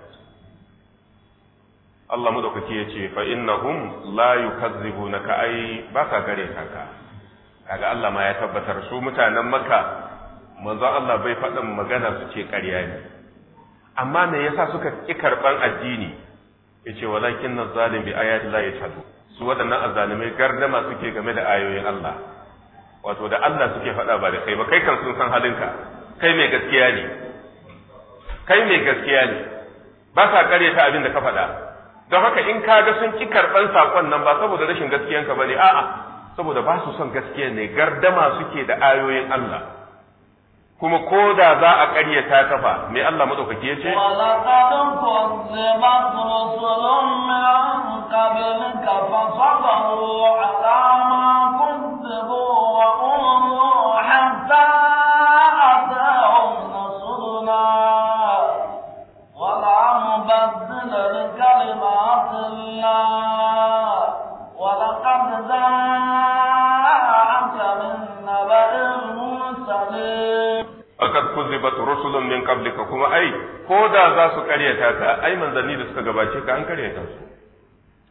Allah madaukaki ya ce fa innahum la yukazzibunaka ai ba sa gare kanka kaga Allah ma ya tabbatar su mutanen Makka manzo Allah bai faɗin magana su ce ƙarya ne amma me yasa suka ki karban addini yace walakin zalim bi ayati la yashhadu su waɗannan azzalimai gardama suke game da ayoyin Allah wato da Allah suke faɗa ba da kai ba kai kan sun san halinka kai mai gaskiya ne kai mai gaskiya ne ba sa ta abin da ka faɗa don haka in ka ga sun ci karɓar saƙon nan ba saboda rashin gaskiyanka ba ne a'a saboda ba su son gaskiya ne gardama suke da ayoyin Allah kuma ko da za a ƙaryata ta fa me Allah madaukaki ya ce كلمات kuzibat rusulun min qablika kuma ai ko da za su karyata ta ai manzanni da suka gabace ka an karyata su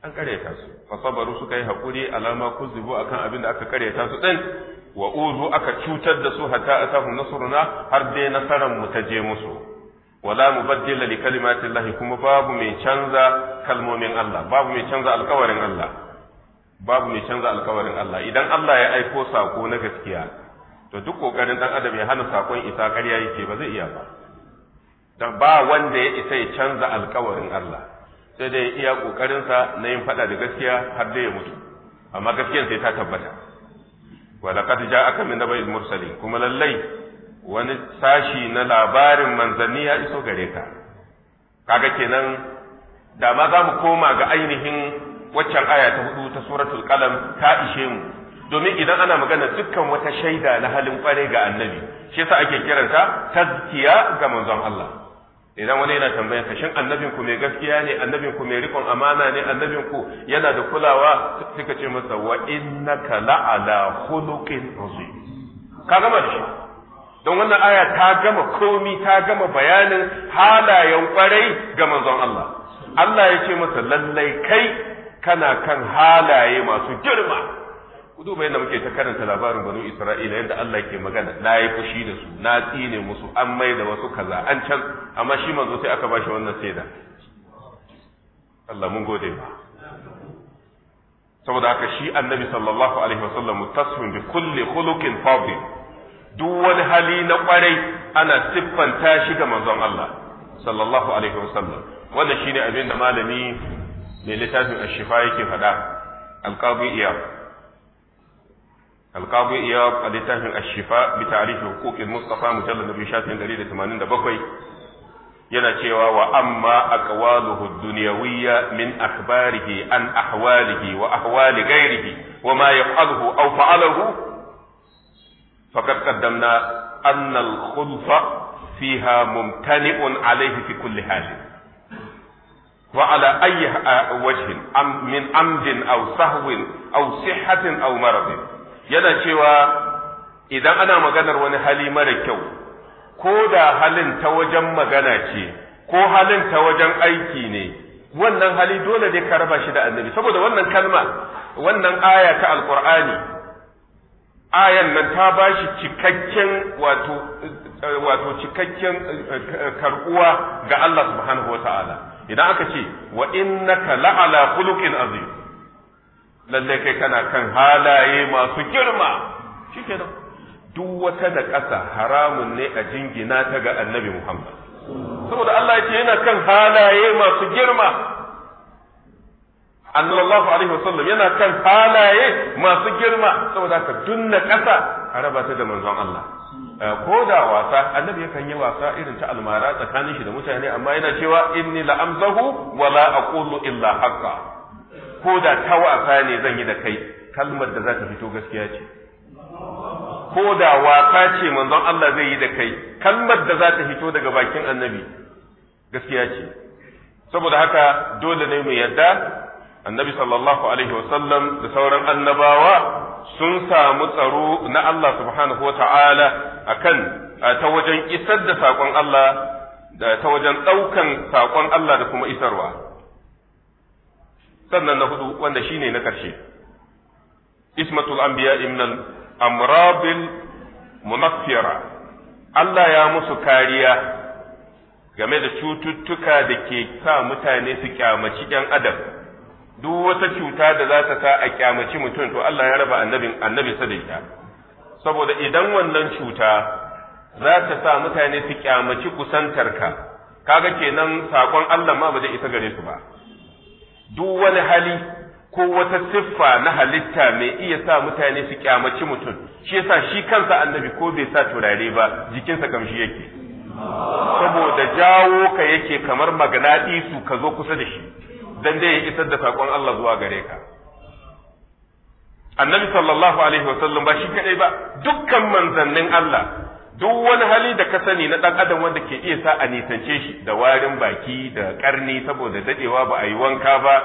an karyata su fa sabaru suka yi hakuri alama kuzibu akan abin da aka karyata su din wa uzu aka cutar da su hatta atahu nasruna har dai nasaran mu ta je musu wala mubaddila li kalimatillahi kuma babu mai canza kalmomin Allah babu mai canza alkawarin Allah babu mai canza alkawarin Allah idan Allah ya aiko sako na gaskiya to duk kokarin dan adam ya hana sakon isa ƙarya yake ba zai iya ba dan ba wanda ya isa ya canza alkawarin Allah sai dai iya kokarinsa na yin fada da gaskiya har dai ya mutu amma gaskiyar sai ta tabbata wa laqad ja'aka min bai mursalin kuma lallai wani sashi na labarin manzanni ya iso gare ka kaga kenan da ma za mu koma ga ainihin waccan aya ta hudu ta suratul qalam ta ishe mu domin idan ana magana dukkan wata shaida na halin kware ga annabi shi yasa ake kiranta tazkiya ga manzon Allah idan wani yana tambayar ka shin annabin ku mai gaskiya ne annabin ku mai rikon amana ne annabin ku yana da kulawa suka ce masa wa innaka la'ala khuluqin azim ka gama shi don wannan aya ta gama komi ta gama bayanin halayen kwarai ga manzon Allah Allah ya ce masa lallai kai kana kan halaye masu girma ku duba yadda muke ta karanta labarin banu Isra'ila yadda Allah ke magana na yi fushi da su na tsine musu an mai da wasu kaza an can amma shi manzo sai aka bashi wannan saida Allah mun gode ba saboda haka shi annabi sallallahu alaihi wasallam tasfin bi kulli khuluqin fadil duk wani hali na kwarai ana siffanta shi ga manzon Allah sallallahu alaihi wasallam wannan shine abin da malami mai littafin al-shifa yake faɗa alqabi iyab alqabi iyab a littafin al-shifa bi ta'rif al mustafa mujallad nabi shafin 187 yana cewa wa amma aqwaluhu dunyawiyya min akhbarihi an ahwalihi wa ahwali ghairihi wa ma yaqadhu aw fa'alahu faqad qaddamna anna al-khulfa fiha mumtani'un alayhi fi kulli halin Wa ala وعلى أي am min amdin أو sahwin أو صحة أو مرض yana cewa idan ana maganar wani hali mara kyau ko da halin ta wajen magana ce ko halin ta wajen aiki ne wannan hali dole ne ka raba shi da annabi saboda wannan kalma wannan aya ta alqur'ani ayan nan ta bashi cikakken wato Eh, wato cikakken eh, eh, karbuwa ga Allah subhanahu wata'ala idan aka ce wa innaka la'ala khuluqin azim lalle kai kana kan halaye masu girma duk wata da ƙasa haramun ne a jingina ta ga annabi Muhammad saboda Allah ya ce yana kan halaye masu girma sallallahu alaihi wasallam yana kan halaye masu girma saboda ka dunna ƙasa a raba ta da manzon Allah Eh, ko da wasa annabi yakan yi wasa irin ta almara tsakanin shi da mutane amma yana cewa inni amzahu wa la aqulu illa haqqa ko da ta wasa ne zan yi da kai kalmar da za ta fito gaskiya ce ko da wasa ce manzon Allah zai yi da kai kalmar da za ta fito daga bakin annabi gaskiya ce saboda haka dole ne mu yarda annabi sallallahu alaihi wasallam da sauran annabawa sun samu tsaro na Allah subhanahu wa ta'ala akan ta wajen isar da saƙon Allah da ta wajen ɗaukan saƙon Allah da kuma isarwa sannan na hudu wanda shine na ƙarshe ismatul anbiya imnan amrabil munaffira Allah ya musu kariya game da cututtuka da ke sa mutane su kyamaci ‘yan adam. duk wata cuta da za ta sa a kyamaci mutum to Allah ya raba annabin annabi sa da ita saboda idan wannan cuta za ta sa mutane su kyamaci kusantarka kaga kenan sakon Allah ma ba zai isa gare su ba duk wani hali ko wata siffa na halitta mai iya sa mutane su kyamaci mutum shi yasa shi kansa annabi ko bai sa turare ba jikinsa kamshi yake saboda jawo ka yake kamar magnatisu ka zo kusa da shi dan dai ya isar da sakon Allah zuwa gare ka annabi sallallahu alaihi wa sallam ba shi kadai ba dukkan manzannin Allah duk wani hali da ka sani na dan adam wanda ke iya sa a nisance shi da warin baki da karni saboda dadewa ba a yi wanka ba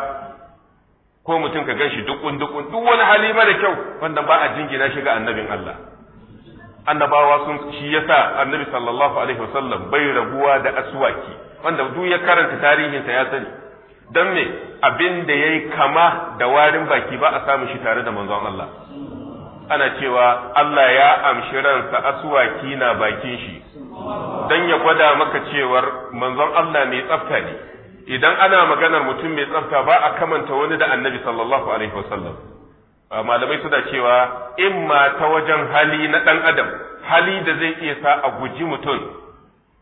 ko mutum ka gan shi dukun dukun duk wani hali mara kyau wanda ba a jingina shi ga annabin Allah annabawa sun shi yasa annabi sallallahu alaihi wa sallam bai rabuwa da aswaki wanda duk ya karanta tarihinsa ya sani don me abin da ya yi kama da warin baki ba a samu shi tare da manzon Allah ana cewa Allah ya amshi ransa asuwaki na bakin shi don ya gwada maka cewar manzon Allah mai tsafta ne idan ana maganar mutum mai tsafta ba a kamanta wani da annabi sallallahu alaihi wasallam ah, malamai suna cewa imma ta wajen hali na ɗan adam hali da zai iya sa a guji mutum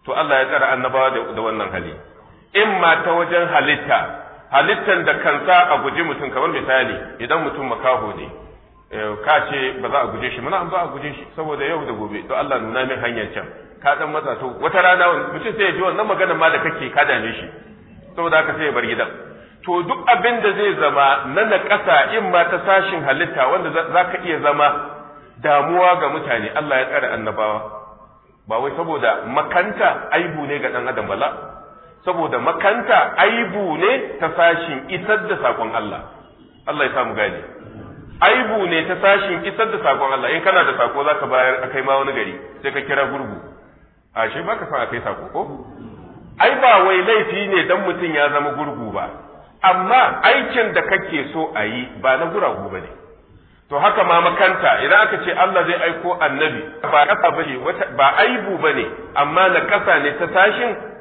to Allah ya tsara annabawa da wannan hali imma ta wajen halitta halittan da kansa a guji mutum kamar misali idan mutum makaho ne eh, ka ce ba za a guje shi muna ba a guje shi saboda yau da gobe to Allah nuna min hanyar can ka dan masa to wata rana mutum sai ya ji wannan magana ma da kake ka dame shi saboda haka sai ya bar gidan to duk abin da zai zama na nakasa in ma ta sashin halitta wanda za ka iya zama damuwa ga mutane Allah ya tsare annabawa ba wai saboda makanta aibu ne ga ɗan adam bala saboda makanta aibu ne ta sashin isar da sakon Allah Allah ya samu gani aibu ne ta sashin isar da sakon Allah in kana da sako zaka bayar akai ma wani gari sai ka kira gurgu a shi ka san akai sako ko ai ba wai laifi ne dan mutum ya zama gurgu ba amma aikin da kake so a yi ba na guragu ba ne to haka ma makanta idan aka ce Allah zai aiko annabi ba kafa ba aibu bane amma na kasa ne ta sashin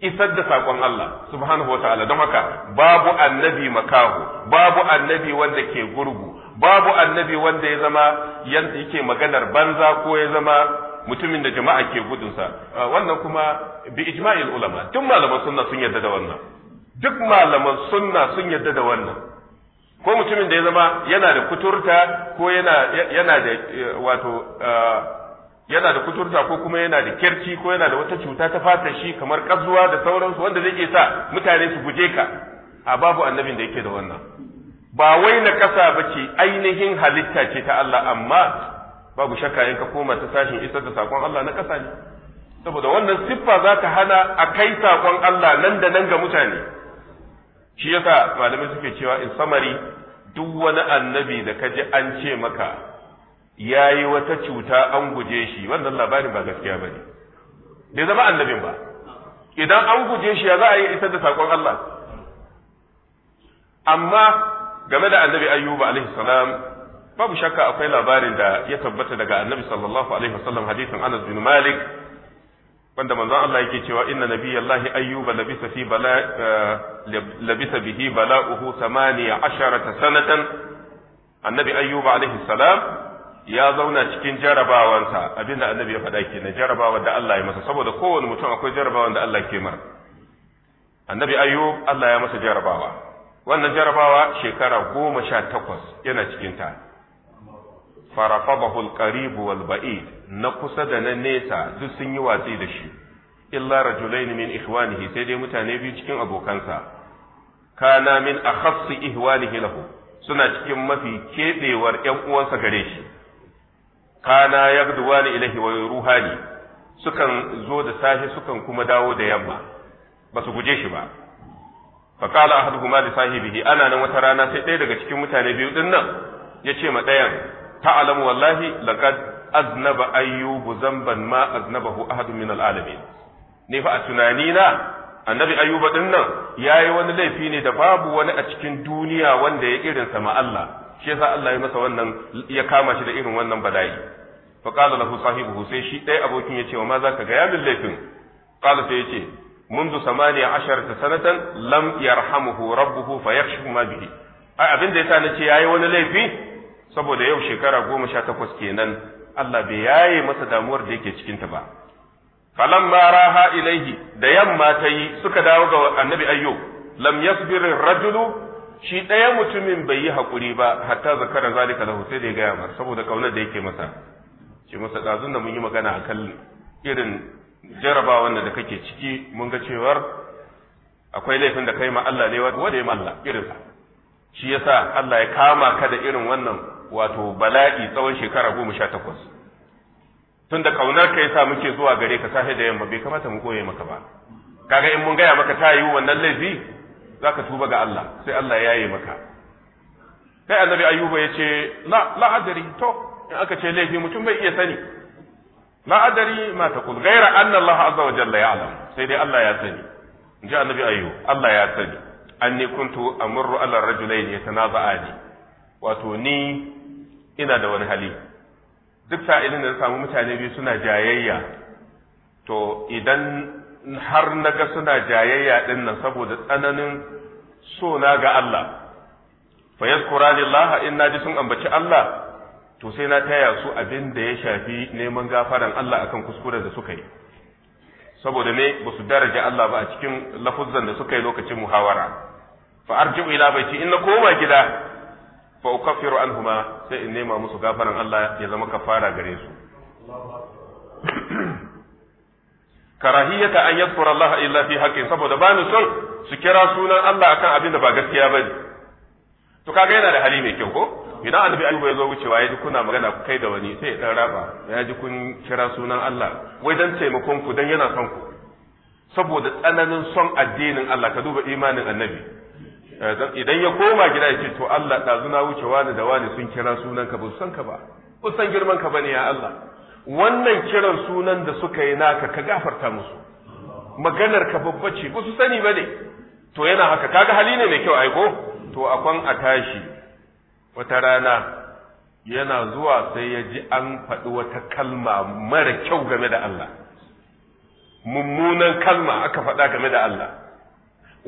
isar da saƙon Allah subhanahu wataala don haka babu annabi makaho babu annabi wanda ke gurgu babu annabi wanda ya zama yake maganar banza ko ya zama mutumin da jama'a ke gudunsa ah, wannan kuma bi ijma'il ulama duk malaman sunna sun yarda da wannan duk malaman sunna sun yarda da wannan ko mutumin da ya zama yana da kuturta ko yana yana da eh, wato ah, yana da kuturta ko kuma yana da kirci ko yana da wata cuta ta fata shi kamar kazuwa da sauransu wanda zai sa mutane su guje ka a babu annabin da yake da wannan ba wai na kasa ba ce ainihin halitta ce ta Allah amma babu shakka in ka koma ta sashin isar da sakon Allah na kasa ne saboda wannan siffa za ta hana a kai sakon Allah nan da nan ga mutane shi yasa malamai suke cewa in samari duk wani annabi da ka ji an ce maka ya yi wata cuta an guje shi wannan labarin ba gaskiya ba ne bai zama annabin ba idan an guje shi ya za a yi isar da saƙon Allah amma game da annabi ayyuba alaihi salam babu shakka akwai labarin da ya tabbata daga annabi sallallahu alaihi wasallam hadisin Anas bin Malik wanda manzon Allah yake cewa inna nabiyallahi ayyuba labisa fi bala eh, labisa bihi bala'uhu 18 sanatan annabi ayyuba alaihi salam ya zauna cikin jarabawansa abinda annabi ya faɗa na jarabawa da Allah ya masa saboda kowane mutum akwai jarabawan da Allah ke mar annabi ayyub Allah ya masa jarabawa wannan jarabawa shekara goma sha takwas yana cikin ta farafabahul alqarib wal ba'id na kusa da na nesa duk sun yi watsi da shi illa rajulaini min ikhwanihi sai dai mutane biyu cikin abokansa kana min akhassi ihwanihi lahu suna cikin mafi kedewar ƴan uwansa gare shi kana yaghduwani ilahi wa ruhani sukan zo da safe sukan kuma dawo da yamma ba su guje shi ba fa ahaduhuma li sahibihi ana nan wata rana sai ɗaya daga cikin mutane biyu din nan yace ma ɗayan alamu wallahi laqad aznaba ayyubu zamban ma aznabahu ahadun min alalamin ne fa a tunani na annabi ayyuba din nan yayi wani laifi ne da babu wani a cikin duniya wanda ya irinsa ma Allah shi yasa Allah ya masa wannan ya kama shi da irin wannan bala'i fa qala lahu sahibuhu sai shi dai abokin ya ce wa ma zaka ga ya min laifin qala sai yace منذ ثمانية عشرة سنة لم يرحمه ربه فيخشف ما به ai abin da yasa nace yayi wani laifi saboda yau shekara goma sha takwas kenan Allah bai yaye masa damuwar da yake cikinta ba falamma maraha ilaihi da yamma ta yi suka dawo ga annabi ayyo lam yasbir rajulu shi ɗaya mutumin bai yi haƙuri ba hatta zakara zalika lahu sai da ya gaya masa saboda kaunar da yake masa shi masa ɗazun da mun yi magana akan irin wanda da kake ciki mun ga cewar akwai laifin da kai ma Allah ne wanda ya malla sa shi yasa Allah ya kama ka da irin wannan wato bala'i tsawon shekara goma sha takwas tun da kaunar ka yasa muke zuwa gare ka safe da yamma bai kamata mu koye maka ba kaga in mun gaya maka ta yi wannan laifi zaka tuba ga Allah sai Allah ya yi maka sai annabi ayyuba ya ce la la adari to in aka ce laifi mutum bai iya sani la adari ma kul ghaira anna Allah azza wa jalla ya'lam sai dai Allah ya sani in ji annabi ayyub Allah ya sani anni kuntu amurru ala rajulain yatanaza'ani wato ni ina da wani hali duk sa'ilin da samu mutane biyu suna jayayya to idan har na ga suna jayayya ɗin nan saboda tsananin sona ga Allah fa yazkura lillaha in ji sun ambaci Allah to sai na taya su abin da ya shafi neman gafaran Allah akan kuskuren da suka yi saboda ne ba su daraja Allah ba a cikin lafuzzan da suka yi lokacin muhawara fa arji'u ila baiti in na koma gida fa ukaffiru anhuma sai in nema musu gafaran Allah ya zama kafara gare su karahiyata an yadhkura Allah illa fi haqqin saboda ba ni son su kira sunan Allah akan abin da ba gaskiya ba ne to kaga yana da hali mai kyau ko idan annabi Ali bai zo wucewa ya ji kuna magana ku kai da wani sai ya dan raba ya ji kun kira sunan Allah wai dan taimakon ku dan yana son ku saboda tsananin son addinin Allah ka duba imanin annabi eh, idan ya koma gida ya ce to Allah ɗazuna wucewa da wani sun kira sunan ka ba sun san ka ba Kun san girman ka bane ya Allah wannan kiran sunan da suka yi naka ka gafarta musu maganar ka babba ba su sani ba ne to yana haka kaga hali ne mai kyau aiko to akwan a tashi wata rana yana zuwa sai ya ji an faɗi wata kalma mara kyau game da Allah mummunan kalma aka faɗa game da Allah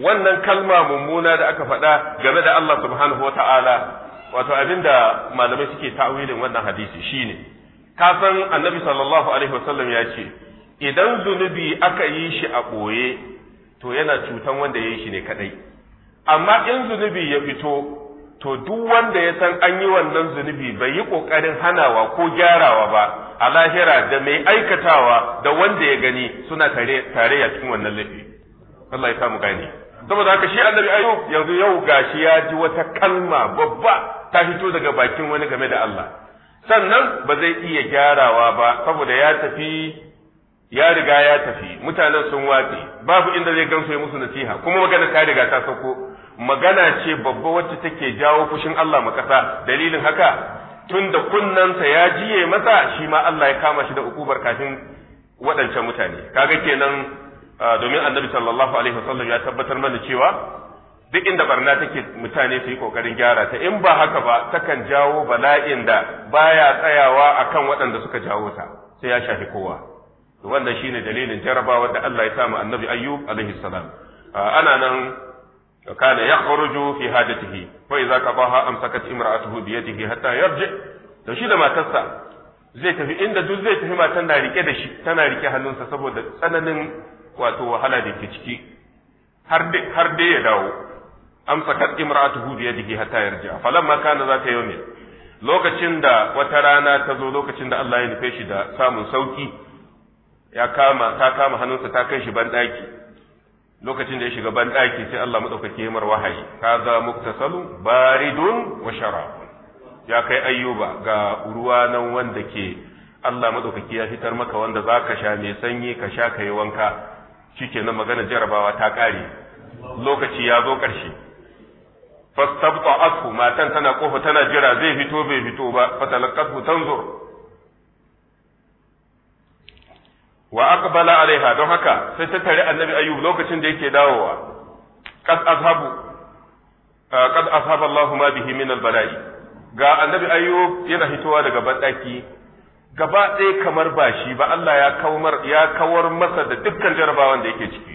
wannan kalma mummuna da aka faɗa game da Allah subhanahu wa wato abinda malamai suke ta'awilin wannan hadisi shine ka san annabi sallallahu alaihi wasallam ya ce idan zunubi aka yi shi a ɓoye to yana cutan wanda ya yi shi ne kadai amma in zunubi ya fito to duk wanda ya san an yi wannan zunubi bai yi ƙoƙarin hanawa ko gyarawa ba a lahira da mai aikatawa da wanda ya gani suna tare ya cikin wannan laifi Allah ya samu gani saboda haka shi annabi ayo yanzu yau gashi ya ji wata kalma babba ta fito daga bakin wani game da Allah sannan ba zai iya gyarawa ba saboda ya tafi ya riga ya tafi mutanen sun watse babu inda zai gamsu ya musu nasiha kuma magana ta riga ta sauko magana ce babba wacce take jawo fushin Allah kasa dalilin haka tun da kunnansa ya jiye masa shi ma Allah ya kama shi da ukubar kafin waɗancan mutane kaga kenan ah, domin annabi sallallahu alaihi wasallam ya tabbatar mana cewa duk inda barna take mutane su yi kokarin gyara ta in ba haka ba takan jawo bala'in da baya tsayawa akan waɗanda suka jawo ta sai ya shafi kowa wannan shine dalilin jarabawa da Allah ya samu annabi ayyub alaihi salam ana nan fi hajatihi fa idza qadaha amsakat imra'atuhu bi yadihi hatta yarji to shi da matarsa zai tafi inda duk zai tafi matan na rike da shi tana rike hannunsa saboda tsananin wato wahala da ke ciki har dai ya dawo amsakat imra'atuhu bi yadihi hatta yarji'a falamma kana zaka yawmin lokacin da wata rana ta zo lokacin da Allah ya nufe shi da samun sauki ya kama ta kama hannunsa ta kai shi banɗaki, lokacin da ya shiga banɗaki sai Allah madaukake mar wahayi kaza muktasalu baridun wa sharab ya kai ayyuba ga ruwa nan wanda ke Allah madaukake ya fitar maka wanda zaka sha mai sanyi ka sha kai wanka shikenan magana jarabawa ta kare lokaci ya zo ƙarshe fastabta asu matan tana kofa tana jira zai fito bai fito ba fatalaqatu tanzur wa aqbala alaiha don haka sai ta tare annabi ayyub lokacin da yake dawowa qad azhabu qad azhaba Allahu ma bihi min albala'i ga annabi ayyub yana hitowa daga bandaki gaba ɗaya kamar ba shi ba Allah ya kawar masa da dukkan jarabawan da yake ciki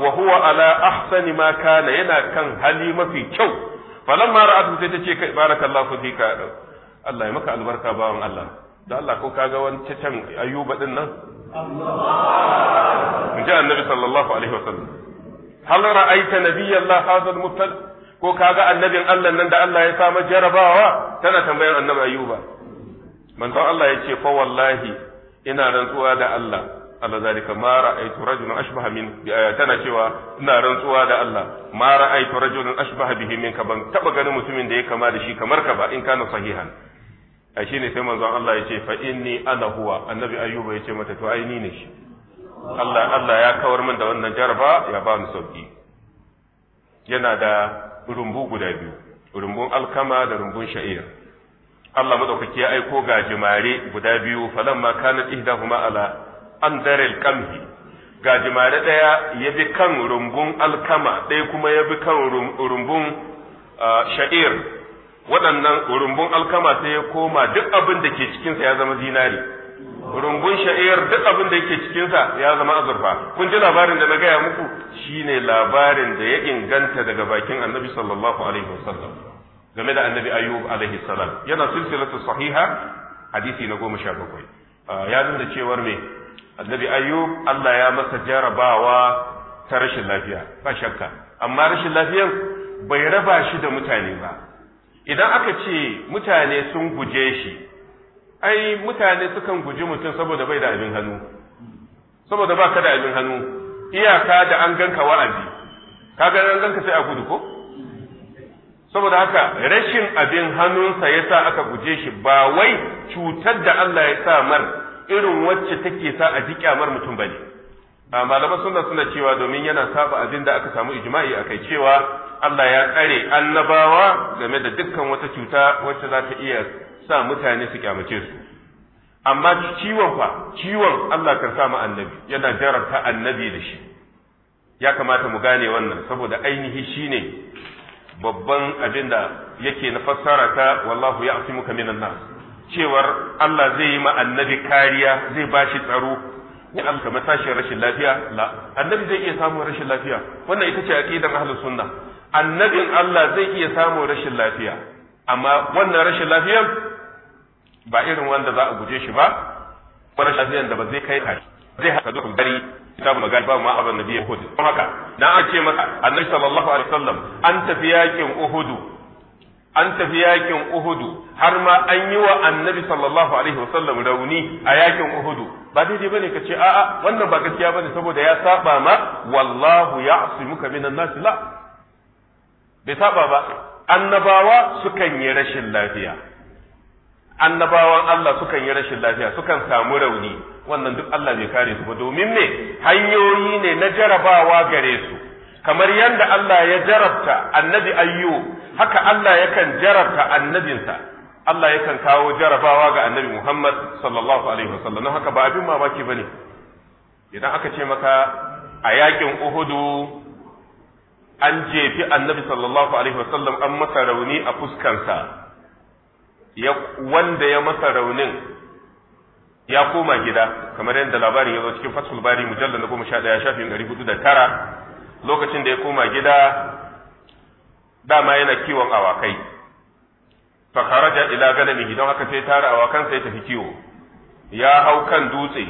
wa huwa ala ahsani ma kana yana kan hali mafi kyau falamma ra'atu sai ta ce kai barakallahu fika Allah ya maka albarka bawan Allah da Allah ko kaga wani can ayyuba din nan in ji annabi sallallahu alaihi wasallam hal ra'aita nabiyallah hadha al-mubtal ko kaga annabin Allah nan da Allah ya samu jarabawa tana tambayar annabi ayuba. manzon Allah ya ce fa wallahi ina rantsuwa da Allah ala zalika ma ra'aytu rajulan ashbaha min tana cewa ina rantsuwa da Allah ma ra'aytu rajulan ashbaha bihi min ka ban taba ganin mutumin da ya kama da shi kamar ka ba in kana sahihan ai shine sai manzon Allah ya ce fa inni ana huwa annabi ayyuba ya ce mata to ai ni ne shi Allah Allah ya kawar min da wannan jaraba ya ba mu sauki yana da rumbu guda biyu rumbun alkama da rumbun sha'ir Allah madaukaki ya aiko ga jimare guda biyu falamma kanat ihdahuma ala an daril kamhi ga jimare ɗaya ya bi kan rumbun alkama ɗaya kuma ya bi kan rumbun sha'ir waɗannan rumbun alkama sai ya koma duk abin da ke cikinsa ya zama zinari rumbun sha'ir duk abin da ke cikinsa ya zama azurfa kun ji labarin da na gaya muku shine labarin da ya inganta daga bakin annabi sallallahu alaihi wasallam game da annabi ayyub alaihi salam yana silsilatu sahiha hadisi na goma sha bakwai ya nuna cewar me annabi ayyub Allah ya masa jarabawa ta rashin lafiya ba shakka amma rashin lafiyar bai raba shi da mutane ba idan aka ce mutane sun guje shi ai mutane sukan guji mutum saboda bai da abin hannu saboda ba ka da abin hannu iyaka da an ganka wa'azi ka ga an ganka sai a gudu ko saboda haka rashin abin hannunsa yasa aka guje shi ba wai cutar da Allah ya sa mar irin wacce take sa a ji kyamar mutum bane malaman sunna suna cewa domin yana saba abin da aka samu ijma'i kai cewa Allah ya tsare annabawa game da dukkan wata cuta wacce za ta iya sa mutane su kyamace su amma ciwon fa ciwon Allah kan sa annabi yana jarabta annabi da shi ya kamata mu gane wannan saboda ainihi shine babban abin da yake na fassara ta wallahu ya muka minan nas cewar Allah zai yi ma annabi kariya zai ba shi tsaro ya amsa matashin rashin lafiya la annabi zai iya samun rashin lafiya wannan ita ce aqidan ahlus sunna annabin Allah zai iya samun rashin lafiya amma wannan rashin lafiyan ba irin wanda za a guje shi ba wannan lafiyan da ba zai kai kai zai haka zuwa gari kitabu magana ba ma abin nabi ya hudu haka na ake maka annabi sallallahu alaihi wasallam an tafi yakin uhudu an tafi yakin uhudu har ma an yi wa annabi sallallahu alaihi wasallam rauni a yakin uhudu ba daidai bane ka ce a'a wannan ba gaskiya bane saboda ya saba ma wallahu ya'simuka minan nas la bai saba ba annabawa sukan yi rashin lafiya annabawan Allah sukan yi rashin lafiya sukan samu rauni wannan duk Allah bai kare su ba domin me hanyoyi ne na jarabawa gare su kamar yadda Allah ya jarabta annabi ayyo, haka Allah yakan jarabta annabinsa Allah yakan kawo jarabawa ga annabi Muhammad sallallahu alaihi wasallam don haka ba abin mamaki bane idan aka ce maka a yakin Uhudu an jefi annabi sallallahu alaihi wasallam an masa rauni a fuskansa ya wanda ya masa raunin ya koma gida kamar yadda labarin ya zo cikin fatul bari mujallal na goma sha ɗaya shafin ɗari hudu da tara lokacin da ya koma gida dama yana kiwon awakai fa kharaja ila ganamihi don haka sai tara awakan sai tafi kiwo ya hau kan dutse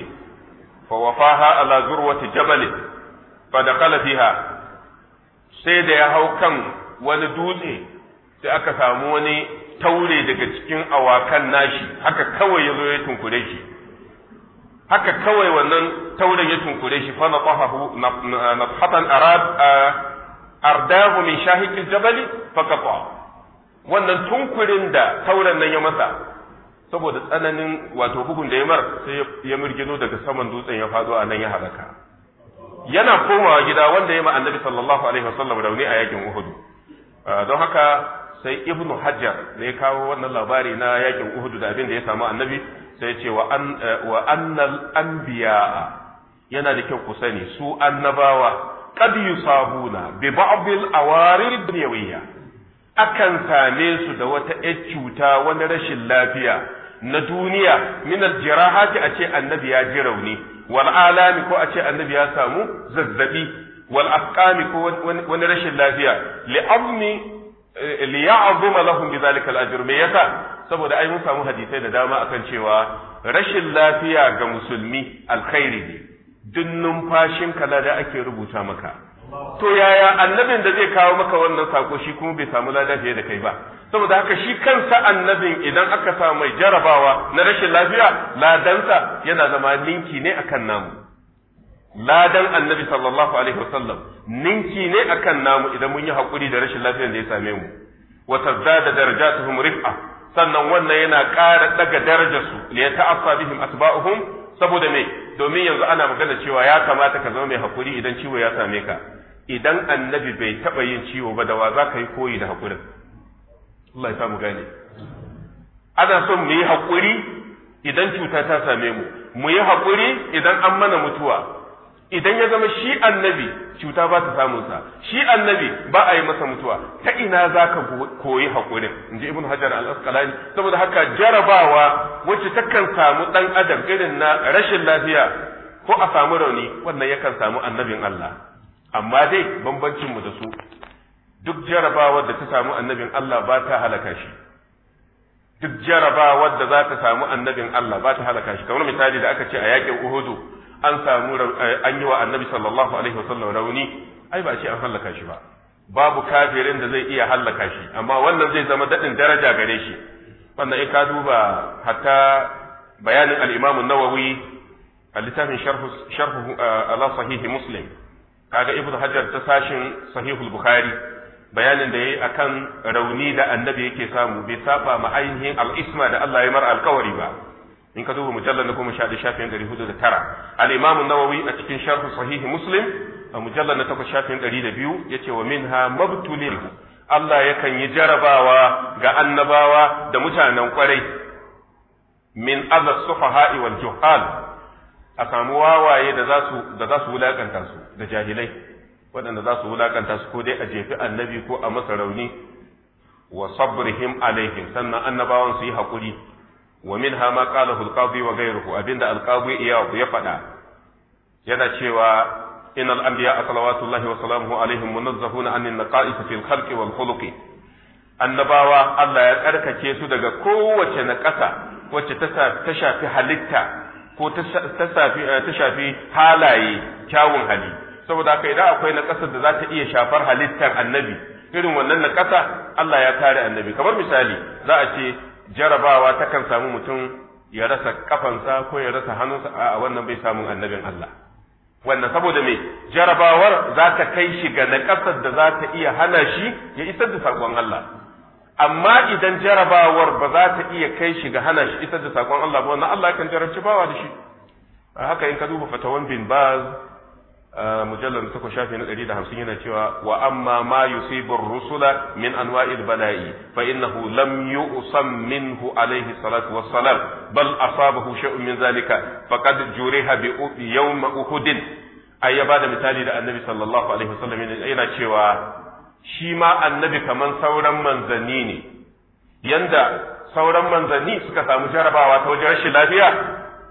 fa wafaha ala zurwati jabal fa dakala fiha sai da ya hau kan wani dutse sai aka samu wani taure daga cikin awakan nashi haka kawai ya zo ya tunkure shi haka kawai wannan taurin ya tunkure shi fa natahahu nabhatan arad ardahu min shahiqil jabali fa wannan tunkurin da tauran nan ya masa saboda tsananin wato bugun da ya mar sai ya mirgino daga saman dutsen ya fado a nan ya halaka yana komawa gida wanda ya ma annabi sallallahu alaihi wasallam rauni a yakin Uhud don haka sai ibnu Hajar ne ya kawo wannan labari na yakin Uhud da abin da ya samu annabi sai ce eh, wa annal anbiya yana da kyau ku sani su annabawa qad yusabuna bi ba'd al dunyawiyya akan same su da wata ƴar cuta wani rashin lafiya na duniya min al jirahati a ce annabi ya ji rauni wal alami ko a ce annabi ya samu zazzabi wal afqami ko wani rashin lafiya li Eh, liya'zuma lahum bi zalika al-ajr me yasa saboda ai mun samu hadisai da dama akan cewa rashin lafiya ga musulmi alkhairi ne duk numfashin ka da ake rubuta maka to yaya annabin da zai kawo maka wannan sako shi kuma bai samu lada fiye da kai ba saboda haka shi kansa annabin idan aka samu mai jarabawa na rashin lafiya ladansa yana zama linki ne akan namu ladan annabi sallallahu alaihi wasallam ninki ne akan namu idan mun yi hakuri da rashin lafiyar da ya same mu wa tazada darajatuhum rif'a sannan wannan yana ƙara daga darajar su li ta'affa bihim asba'uhum saboda me domin yanzu ana magana cewa ya kamata ka zama mai hakuri idan ciwo ya same ka idan annabi bai taba yin ciwo ba da wa za ka yi koyi da hakurin Allah ya samu gane ana so mu yi hakuri idan cuta ta same mu mu yi hakuri idan an mana mutuwa idan ya zama shi annabi cuta ba ta samun sa shi annabi ba a yi masa mutuwa ta ina za ka koyi haƙurin in ji ibn hajar al-asqalani saboda haka jarabawa wacce takan samu ɗan adam irin na rashin lafiya ko a samu rauni wannan yakan samu annabin Allah amma dai bambancin mu da su duk jarabawa da ta samu annabin Allah ba ta halaka shi duk jarabawa da za ta samu annabin Allah ba ta halaka shi kamar misali da aka ce a yakin Uhudu an samu eh, an yi wa annabi sallallahu alaihi wasallam rauni ai ba ce an hallaka shi ba babu kafirin da zai iya hallaka shi amma wannan zai zama dadin daraja gare shi wannan in ka duba hatta bayanin al-Imam an-Nawawi a littafin sharhu eh, ala sahihi Muslim kaga Ibn Hajar ta sashin sahihul Bukhari bayanin da yayi akan rauni da annabi yake samu bai saba ma ainihin al-isma da Allah ya mar alkawari ba in ka duba mujallar na goma sha da shafin ɗari hudu da tara Alimamu nawawi a cikin sharhu sahihi muslim a mujallar na takwas shafin ɗari da biyu ya ce wa min ha mabtulin Allah yakan yi jarabawa ga annabawa da mutanen kwarai min azas sufaha'i wal juhal a samu wawaye da za su da su da jahilai waɗanda za su wulakanta su ko dai a jefi annabi ko a masa rauni wa sabrihim alaihim sannan annabawan su yi haƙuri wa minha ma qalahu al wa ghayruhu abinda al-qadi ya faɗa yana cewa إن الأنبياء صلوات الله وسلامه عليهم منزهون عن النقائص في الخلق والخلق annabawa Allah ya tsarkake su daga kowace naƙasa wacce ta shafi halitta ko eh, ta shafi halaye kyawun hali saboda haka idan akwai naƙasar da za ta iya shafar halittar annabi irin wannan naƙasa Allah ya kare annabi kamar misali za a ce jarabawa takan samu mutum ya rasa kafansa ko ya rasa hannunsa a wannan bai samun annabin Allah wannan saboda me jarabawar za ta kai shi ga naƙasar da za ta iya hana shi ya isar da saƙon Allah amma idan jarabawar ba za ta iya kai shi ga hana shi isar da saƙon Allah ba wannan Allah kan jarabci bawa da shi haka in ka duba fatawan bin baz mujallar da takwas shafi na ɗari da hamsin yana cewa wa amma ma yusibur rusula min anwa'il bala'i fa innahu lam yu'sam minhu alayhi salatu wassalam bal asabahu shay'un min zalika faqad juriha bi yawm uhud ai ya bada misali da annabi sallallahu alaihi wasallam yana cewa shi ma annabi kaman sauran manzanni ne yanda sauran manzanni suka samu jarabawa ta wajen rashin lafiya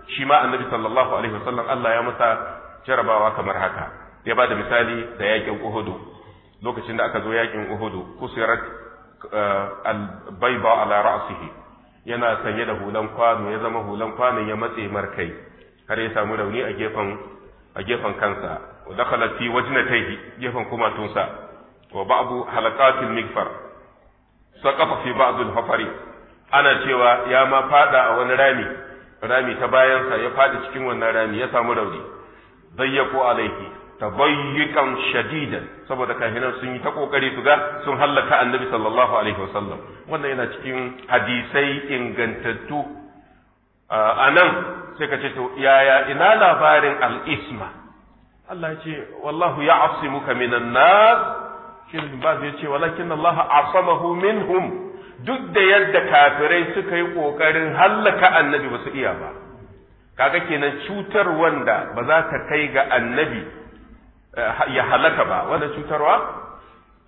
shi ma annabi sallallahu alaihi Allah ya masa jarabawa kamar haka ya ba da misali da yakin uhudu lokacin da aka zo yakin uhudu kusirat eh, albaiba ala ra'sihi yana sanye da hulan kwano ya zama hulan kwano ya matse markai har ya samu rauni a gefen a gefen kansa wa dakhala fi wajnatayhi gefen kumatunsa wa ba'du halaqatil mikfar saqafa fi ba'd al-hafari ana cewa ya ma fada a wani rami rami ta bayansa ya fadi cikin wannan rami ya samu rauni dayyaqu alaihi tabayyukan shadidan saboda kafinan sun yi ta kokari su ga sun hallaka annabi sallallahu alaihi wasallam wannan yana cikin hadisai ingantattu a nan sai ka ce to yaya ina labarin al'isma. isma Allah ya ce wallahu ya'simuka minan nas shi ba zai ce walakin Allah asamahu minhum duk da yadda kafirai suka yi kokarin hallaka annabi ba su iya ba kaga kenan cutar wanda ba za ta kai ga annabi eh, ya halaka ba wanda cutarwa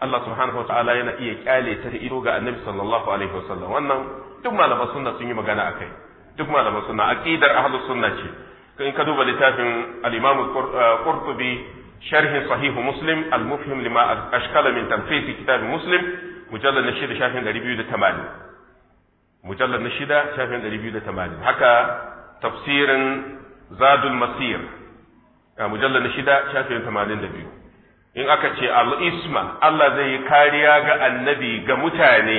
Allah subhanahu wata'ala yana iya kyale ta ido ga annabi sallallahu alaihi wasallam wannan duk malaman sunna sun yi magana akai duk malaman sunna aqidar ahlu sunna ce in ka duba littafin al-Imam eh, Qurtubi sharh sahih Muslim al-mufhim lima ashkala min tanfiz kitab Muslim mujallad na shida shafin 280 mujallad na shida shafin 280 haka tafsirin zadul masir a mujallar na shida shafin tamanin da biyu in aka ce al'isma Allah zai yi kariya ga annabi ga mutane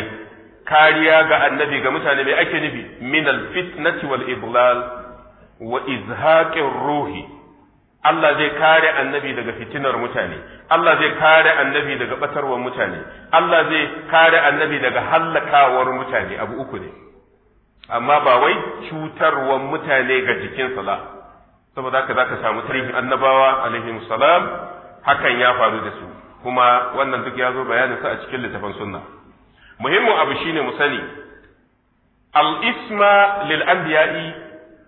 kariya ga annabi ga mutane mai ake nufi min alfitnati wal iblal wa izhaqir ruhi Allah zai kare annabi daga fitinar mutane Allah zai kare annabi daga batarwar mutane Allah zai kare annabi daga hallakawar mutane abu uku ne amma ba wai cutarwan mutane ga jikin sala saboda haka zaka samu tarihin annabawa alaihi salam hakan ya faru da su kuma wannan duk ya zo bayanin sa a cikin littafin sunna muhimmin abu shine mu sani al isma lil anbiya'i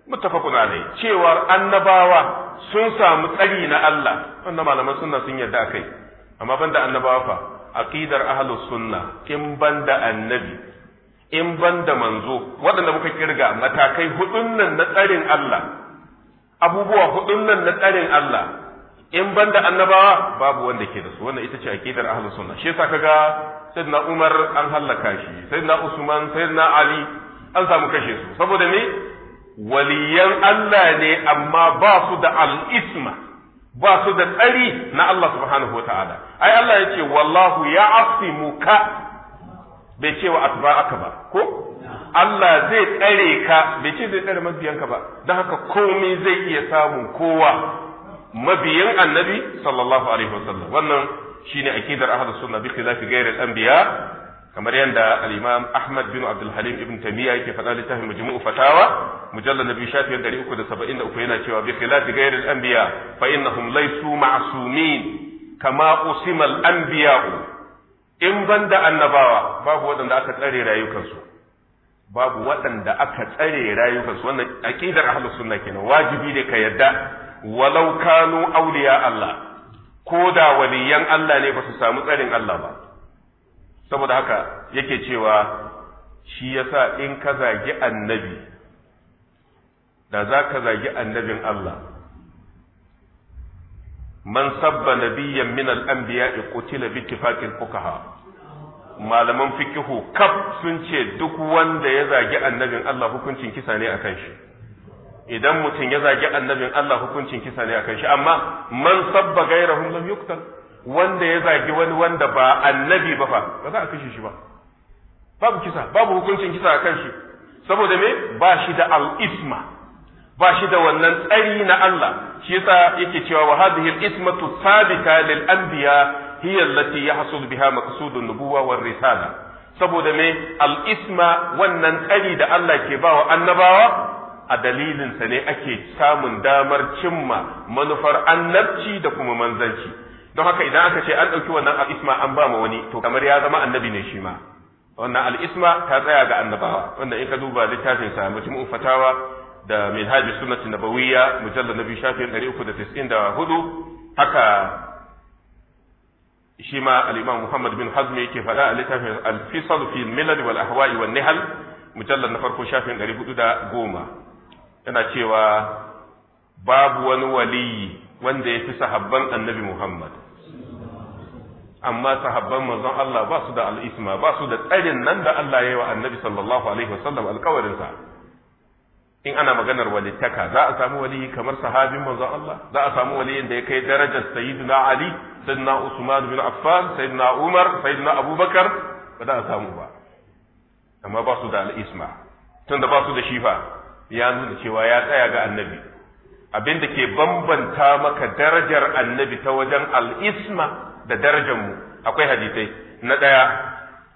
muttafaqun alai cewa annabawa sun samu tsari na Allah wannan malaman sunna sun yarda akai amma banda annabawa fa aqidar ahlus sunna kin banda annabi in ban da manzo waɗanda muka kirga matakai hudun nan na tsarin Allah abubuwa hudun nan na tsarin Allah in ban da annabawa babu wanda ke da su wannan ita ce akidar ahlus sunna shi yasa kaga sayyidina Umar an hallaka shi sayyidina Usman sayyidina Ali an samu kashe su saboda me waliyan Allah ne amma ba su da al-isma ba su da tsari na Allah subhanahu wa ai Allah ya ce wallahu ya asimuka bai ce wa aka ba ko Allah zai tsare ka bai ce zai tsare mabiyanka ba don haka komai zai iya samun kowa mabiyan annabi sallallahu alaihi wasallam wannan shine akidar ahlus sunna bi khilafi ghairi al-anbiya kamar yadda al-imam Ahmad bin Abdul Halim ibn tamiya yake faɗa littafin Majmu'u Fatawa mujallal nabi shafi 373 yana cewa bi khilafi ghairi al-anbiya fa innahum laysu ma'sumin kama usima al-anbiya'u in banda annabawa babu waɗanda aka tsare rayukansu babu waɗanda aka tsare rayukansu wannan aqidar ahlus sunna kenan wajibi ne ka yadda walau kanu awliya Allah ko da waliyan Allah ne ba su samu tsarin Allah ba saboda haka yake cewa shi yasa in ka zagi annabi da za ka zagi annabin Allah man sabba nabiyyan min al-anbiya qutila bi ittifaqil fuqaha malaman fikihu kaf sun ce duk wanda ya zagi annabin Allah hukuncin kisa ne akan shi idan mutum ya zagi annabin Allah hukuncin kisa ne akan shi amma man sabba ghayrahum lam yuqtal wanda ya zagi wani wanda ba annabi ba fa ba za a kashe shi ba babu kisa babu hukuncin kisa akan shi saboda me ba shi da al-isma ba shi da wannan tsari na Allah shi yasa yake cewa wa hadhihi al-ismatu sabita lil anbiya hiya allati yahsul biha maqsudun nubuwa war risala saboda me al'isma wannan tsari da Allah ke bawa annabawa a dalilinsa sa ne ake samun damar cimma manufar annabci da kuma manzanci don haka idan aka ce an ɗauki wannan al an bama wani to kamar ya zama annabi ne shima. ma wannan al ta tsaya ga annabawa wanda in ka duba littafin sa mutum fatawa da minhaj sunnati nabawiyya mujallad nabi shafin 394 haka shi ma al-imam Muhammad bin Hazmi yake faɗa a littafin al-fisal fi milal wal ahwa'i wan nihal mujallad na farko shafin 410 yana cewa babu wani waliyi wanda ya fi sahabban annabi Muhammad amma sahabban manzon Allah ba su da al'isma ba su da tsarin nan da Allah ya yi wa annabi sallallahu alaihi wasallam alkawarinsa in ana maganar walittaka za a samu waliyi kamar sahabin manzon Allah za a samu waliyin da ya kai darajar sayyidina Ali sayyidina Usman bin Affan sayyidina Umar sayyidina Abubakar ba za a samu ba amma ba su da Tun da ba su da shifa ya nuna cewa ya tsaya ga annabi abin da ke bambanta maka darajar annabi ta wajen al'isma da darajar mu akwai hadisai na ɗaya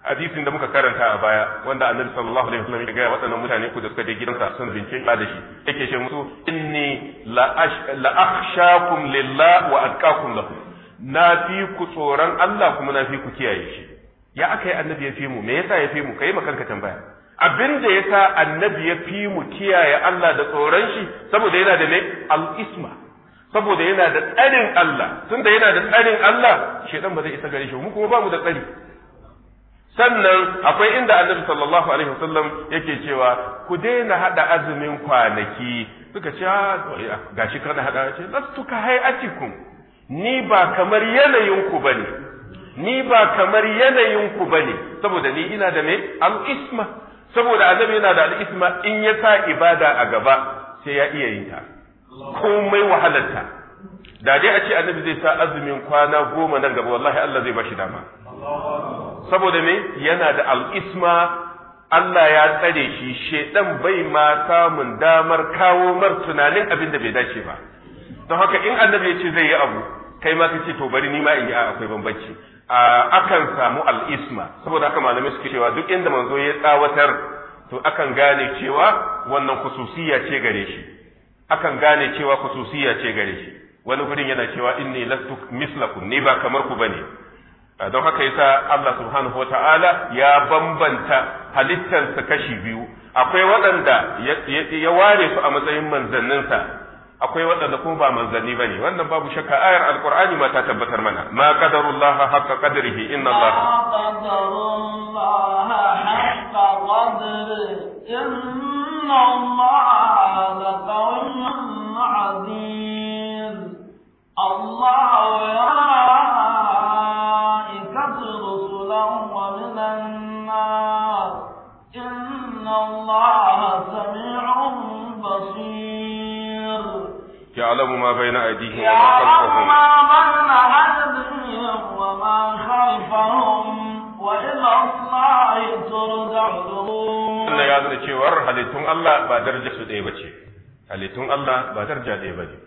hadisin da muka karanta a baya wanda annabi sallallahu alaihi wasallam ya ga waɗannan mutane ku da suka je gidansa sun bincike. ba da shi yake ce musu inni la akhshakum lillah wa atqakum lahu na fi ku tsoron Allah kuma na fi ku kiyaye shi ya akai annabi ya fi mu me yasa ya fi mu kai kanka tambaya abin da yasa annabi ya fi mu kiyaye Allah da tsoron shi saboda yana da ne al-isma saboda yana da tsarin Allah tunda yana da tsarin Allah shedan ba zai isa gare shi mu kuma ba mu da tsari sannan akwai inda annabi sallallahu alaihi wasallam yake cewa ku daina hada azumin kwanaki suka ce ah, gashi kana hada ce lastu ka hayatikum ni ba kamar yanayin ku bane ni ba kamar yanayin ku bane saboda ni ina da me al isma saboda annabi yana da al isma in ya sa ibada a gaba sai ya iya yin ta komai wahalarta da dai a ce annabi zai sa azumin kwana goma nan gaba wallahi Allah zai bashi dama saboda me yana da al'isma Allah ya tsare shi shedan bai ma samun damar kawo mar tunanin abin da bai dace ba don haka in annabi ya ce zai yi abu kai ma kace to bari ni ma in yi akwai bambanci akan samu al'isma saboda haka malamai suke cewa duk inda manzo ya tsawatar to akan gane cewa wannan kususiya ce gare shi akan gane cewa kususiya ce gare shi wani gurin yana cewa inni lastu mislakum ni ba kamar ku bane Eh, don haka yasa Allah subhanahu wata'ala ya bambanta halittarsa kashi biyu akwai waɗanda ya ware su a matsayin manzanninsa akwai waɗanda kuma ba manzanni bane wannan babu shakka ayar alqur'ani ma ta tabbatar mana ma qadarullaha haqqa qadrihi inna allaha qadarullaha haqqa qadrihi inna allaha laqawiyyun azim allah ya الأرض ومن النار إن الله سميع بصير يعلم ما بين أيديهم وما خلفهم ما بين أيديهم وما خلفهم وإلى الله ترجع الأمور يعلم cewar halittun Allah ba darajar su ɗaya bace halittun Allah ba daraja ɗaya bace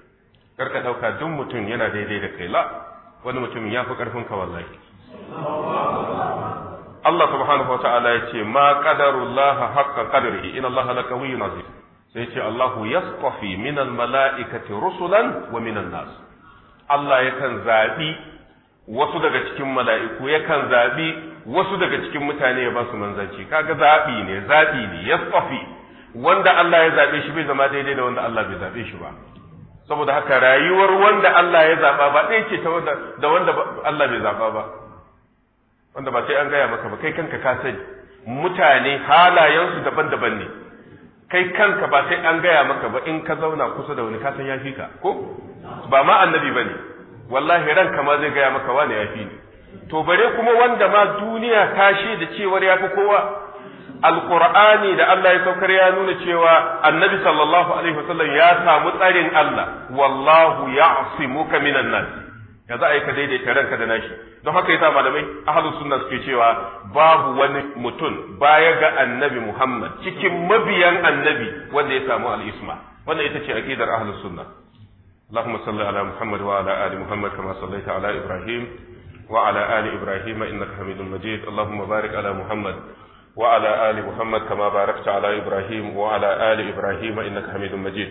karka ɗauka duk mutum yana daidai da kai la wani mutum ya fi ƙarfin ka wallahi Allah subhanahu ta'ala ya ce ma qadarullah haqqa qadrihi inna Allah la qawiyyun azim sai ce Allah yasqafi min al mala'ikati rusulan wa min nas Allah yakan zabi wasu daga cikin mala'iku yakan zabi wasu daga cikin mutane ya ba su manzanci kaga zabi ne zabi ne yasqafi wanda Allah ya zabe shi bai zama daidai da wanda Allah bai zabe shi ba saboda haka rayuwar wanda Allah ya zaba ba ɗaya ce ta wanda da wanda Allah bai zaba ba wanda ba sai an gaya maka ba kai kanka ka sani mutane halayensu daban-daban ne kai kanka ba sai an gaya maka ba in ka zauna kusa da wani ka san ya fi ka ko ba ma annabi ba ne wallahi ranka ma zai gaya maka wani yafi ne to bare kuma wanda ma duniya ta da cewar ya fi kowa alqur'ani da Allah ya saukar ya nuna cewa annabi sallallahu alaihi wasallam ya samu tsarin Allah wallahu ya'simuka minan nas ya za a yi ka daidaita ranka da nashi don haka yasa malamai ahlus sunna suke cewa babu wani mutum baya ga annabi Muhammad cikin mabiyan annabi wanda ya samu al-isma wannan ita ce aqidar ahlus sunna اللهم صل على محمد وعلى آل محمد كما صليت على إبراهيم وعلى آل إبراهيم إنك حميد مجيد اللهم بارك على محمد وعلى آل محمد كما باركت على إبراهيم وعلى آل إبراهيم إنك حميد مجيد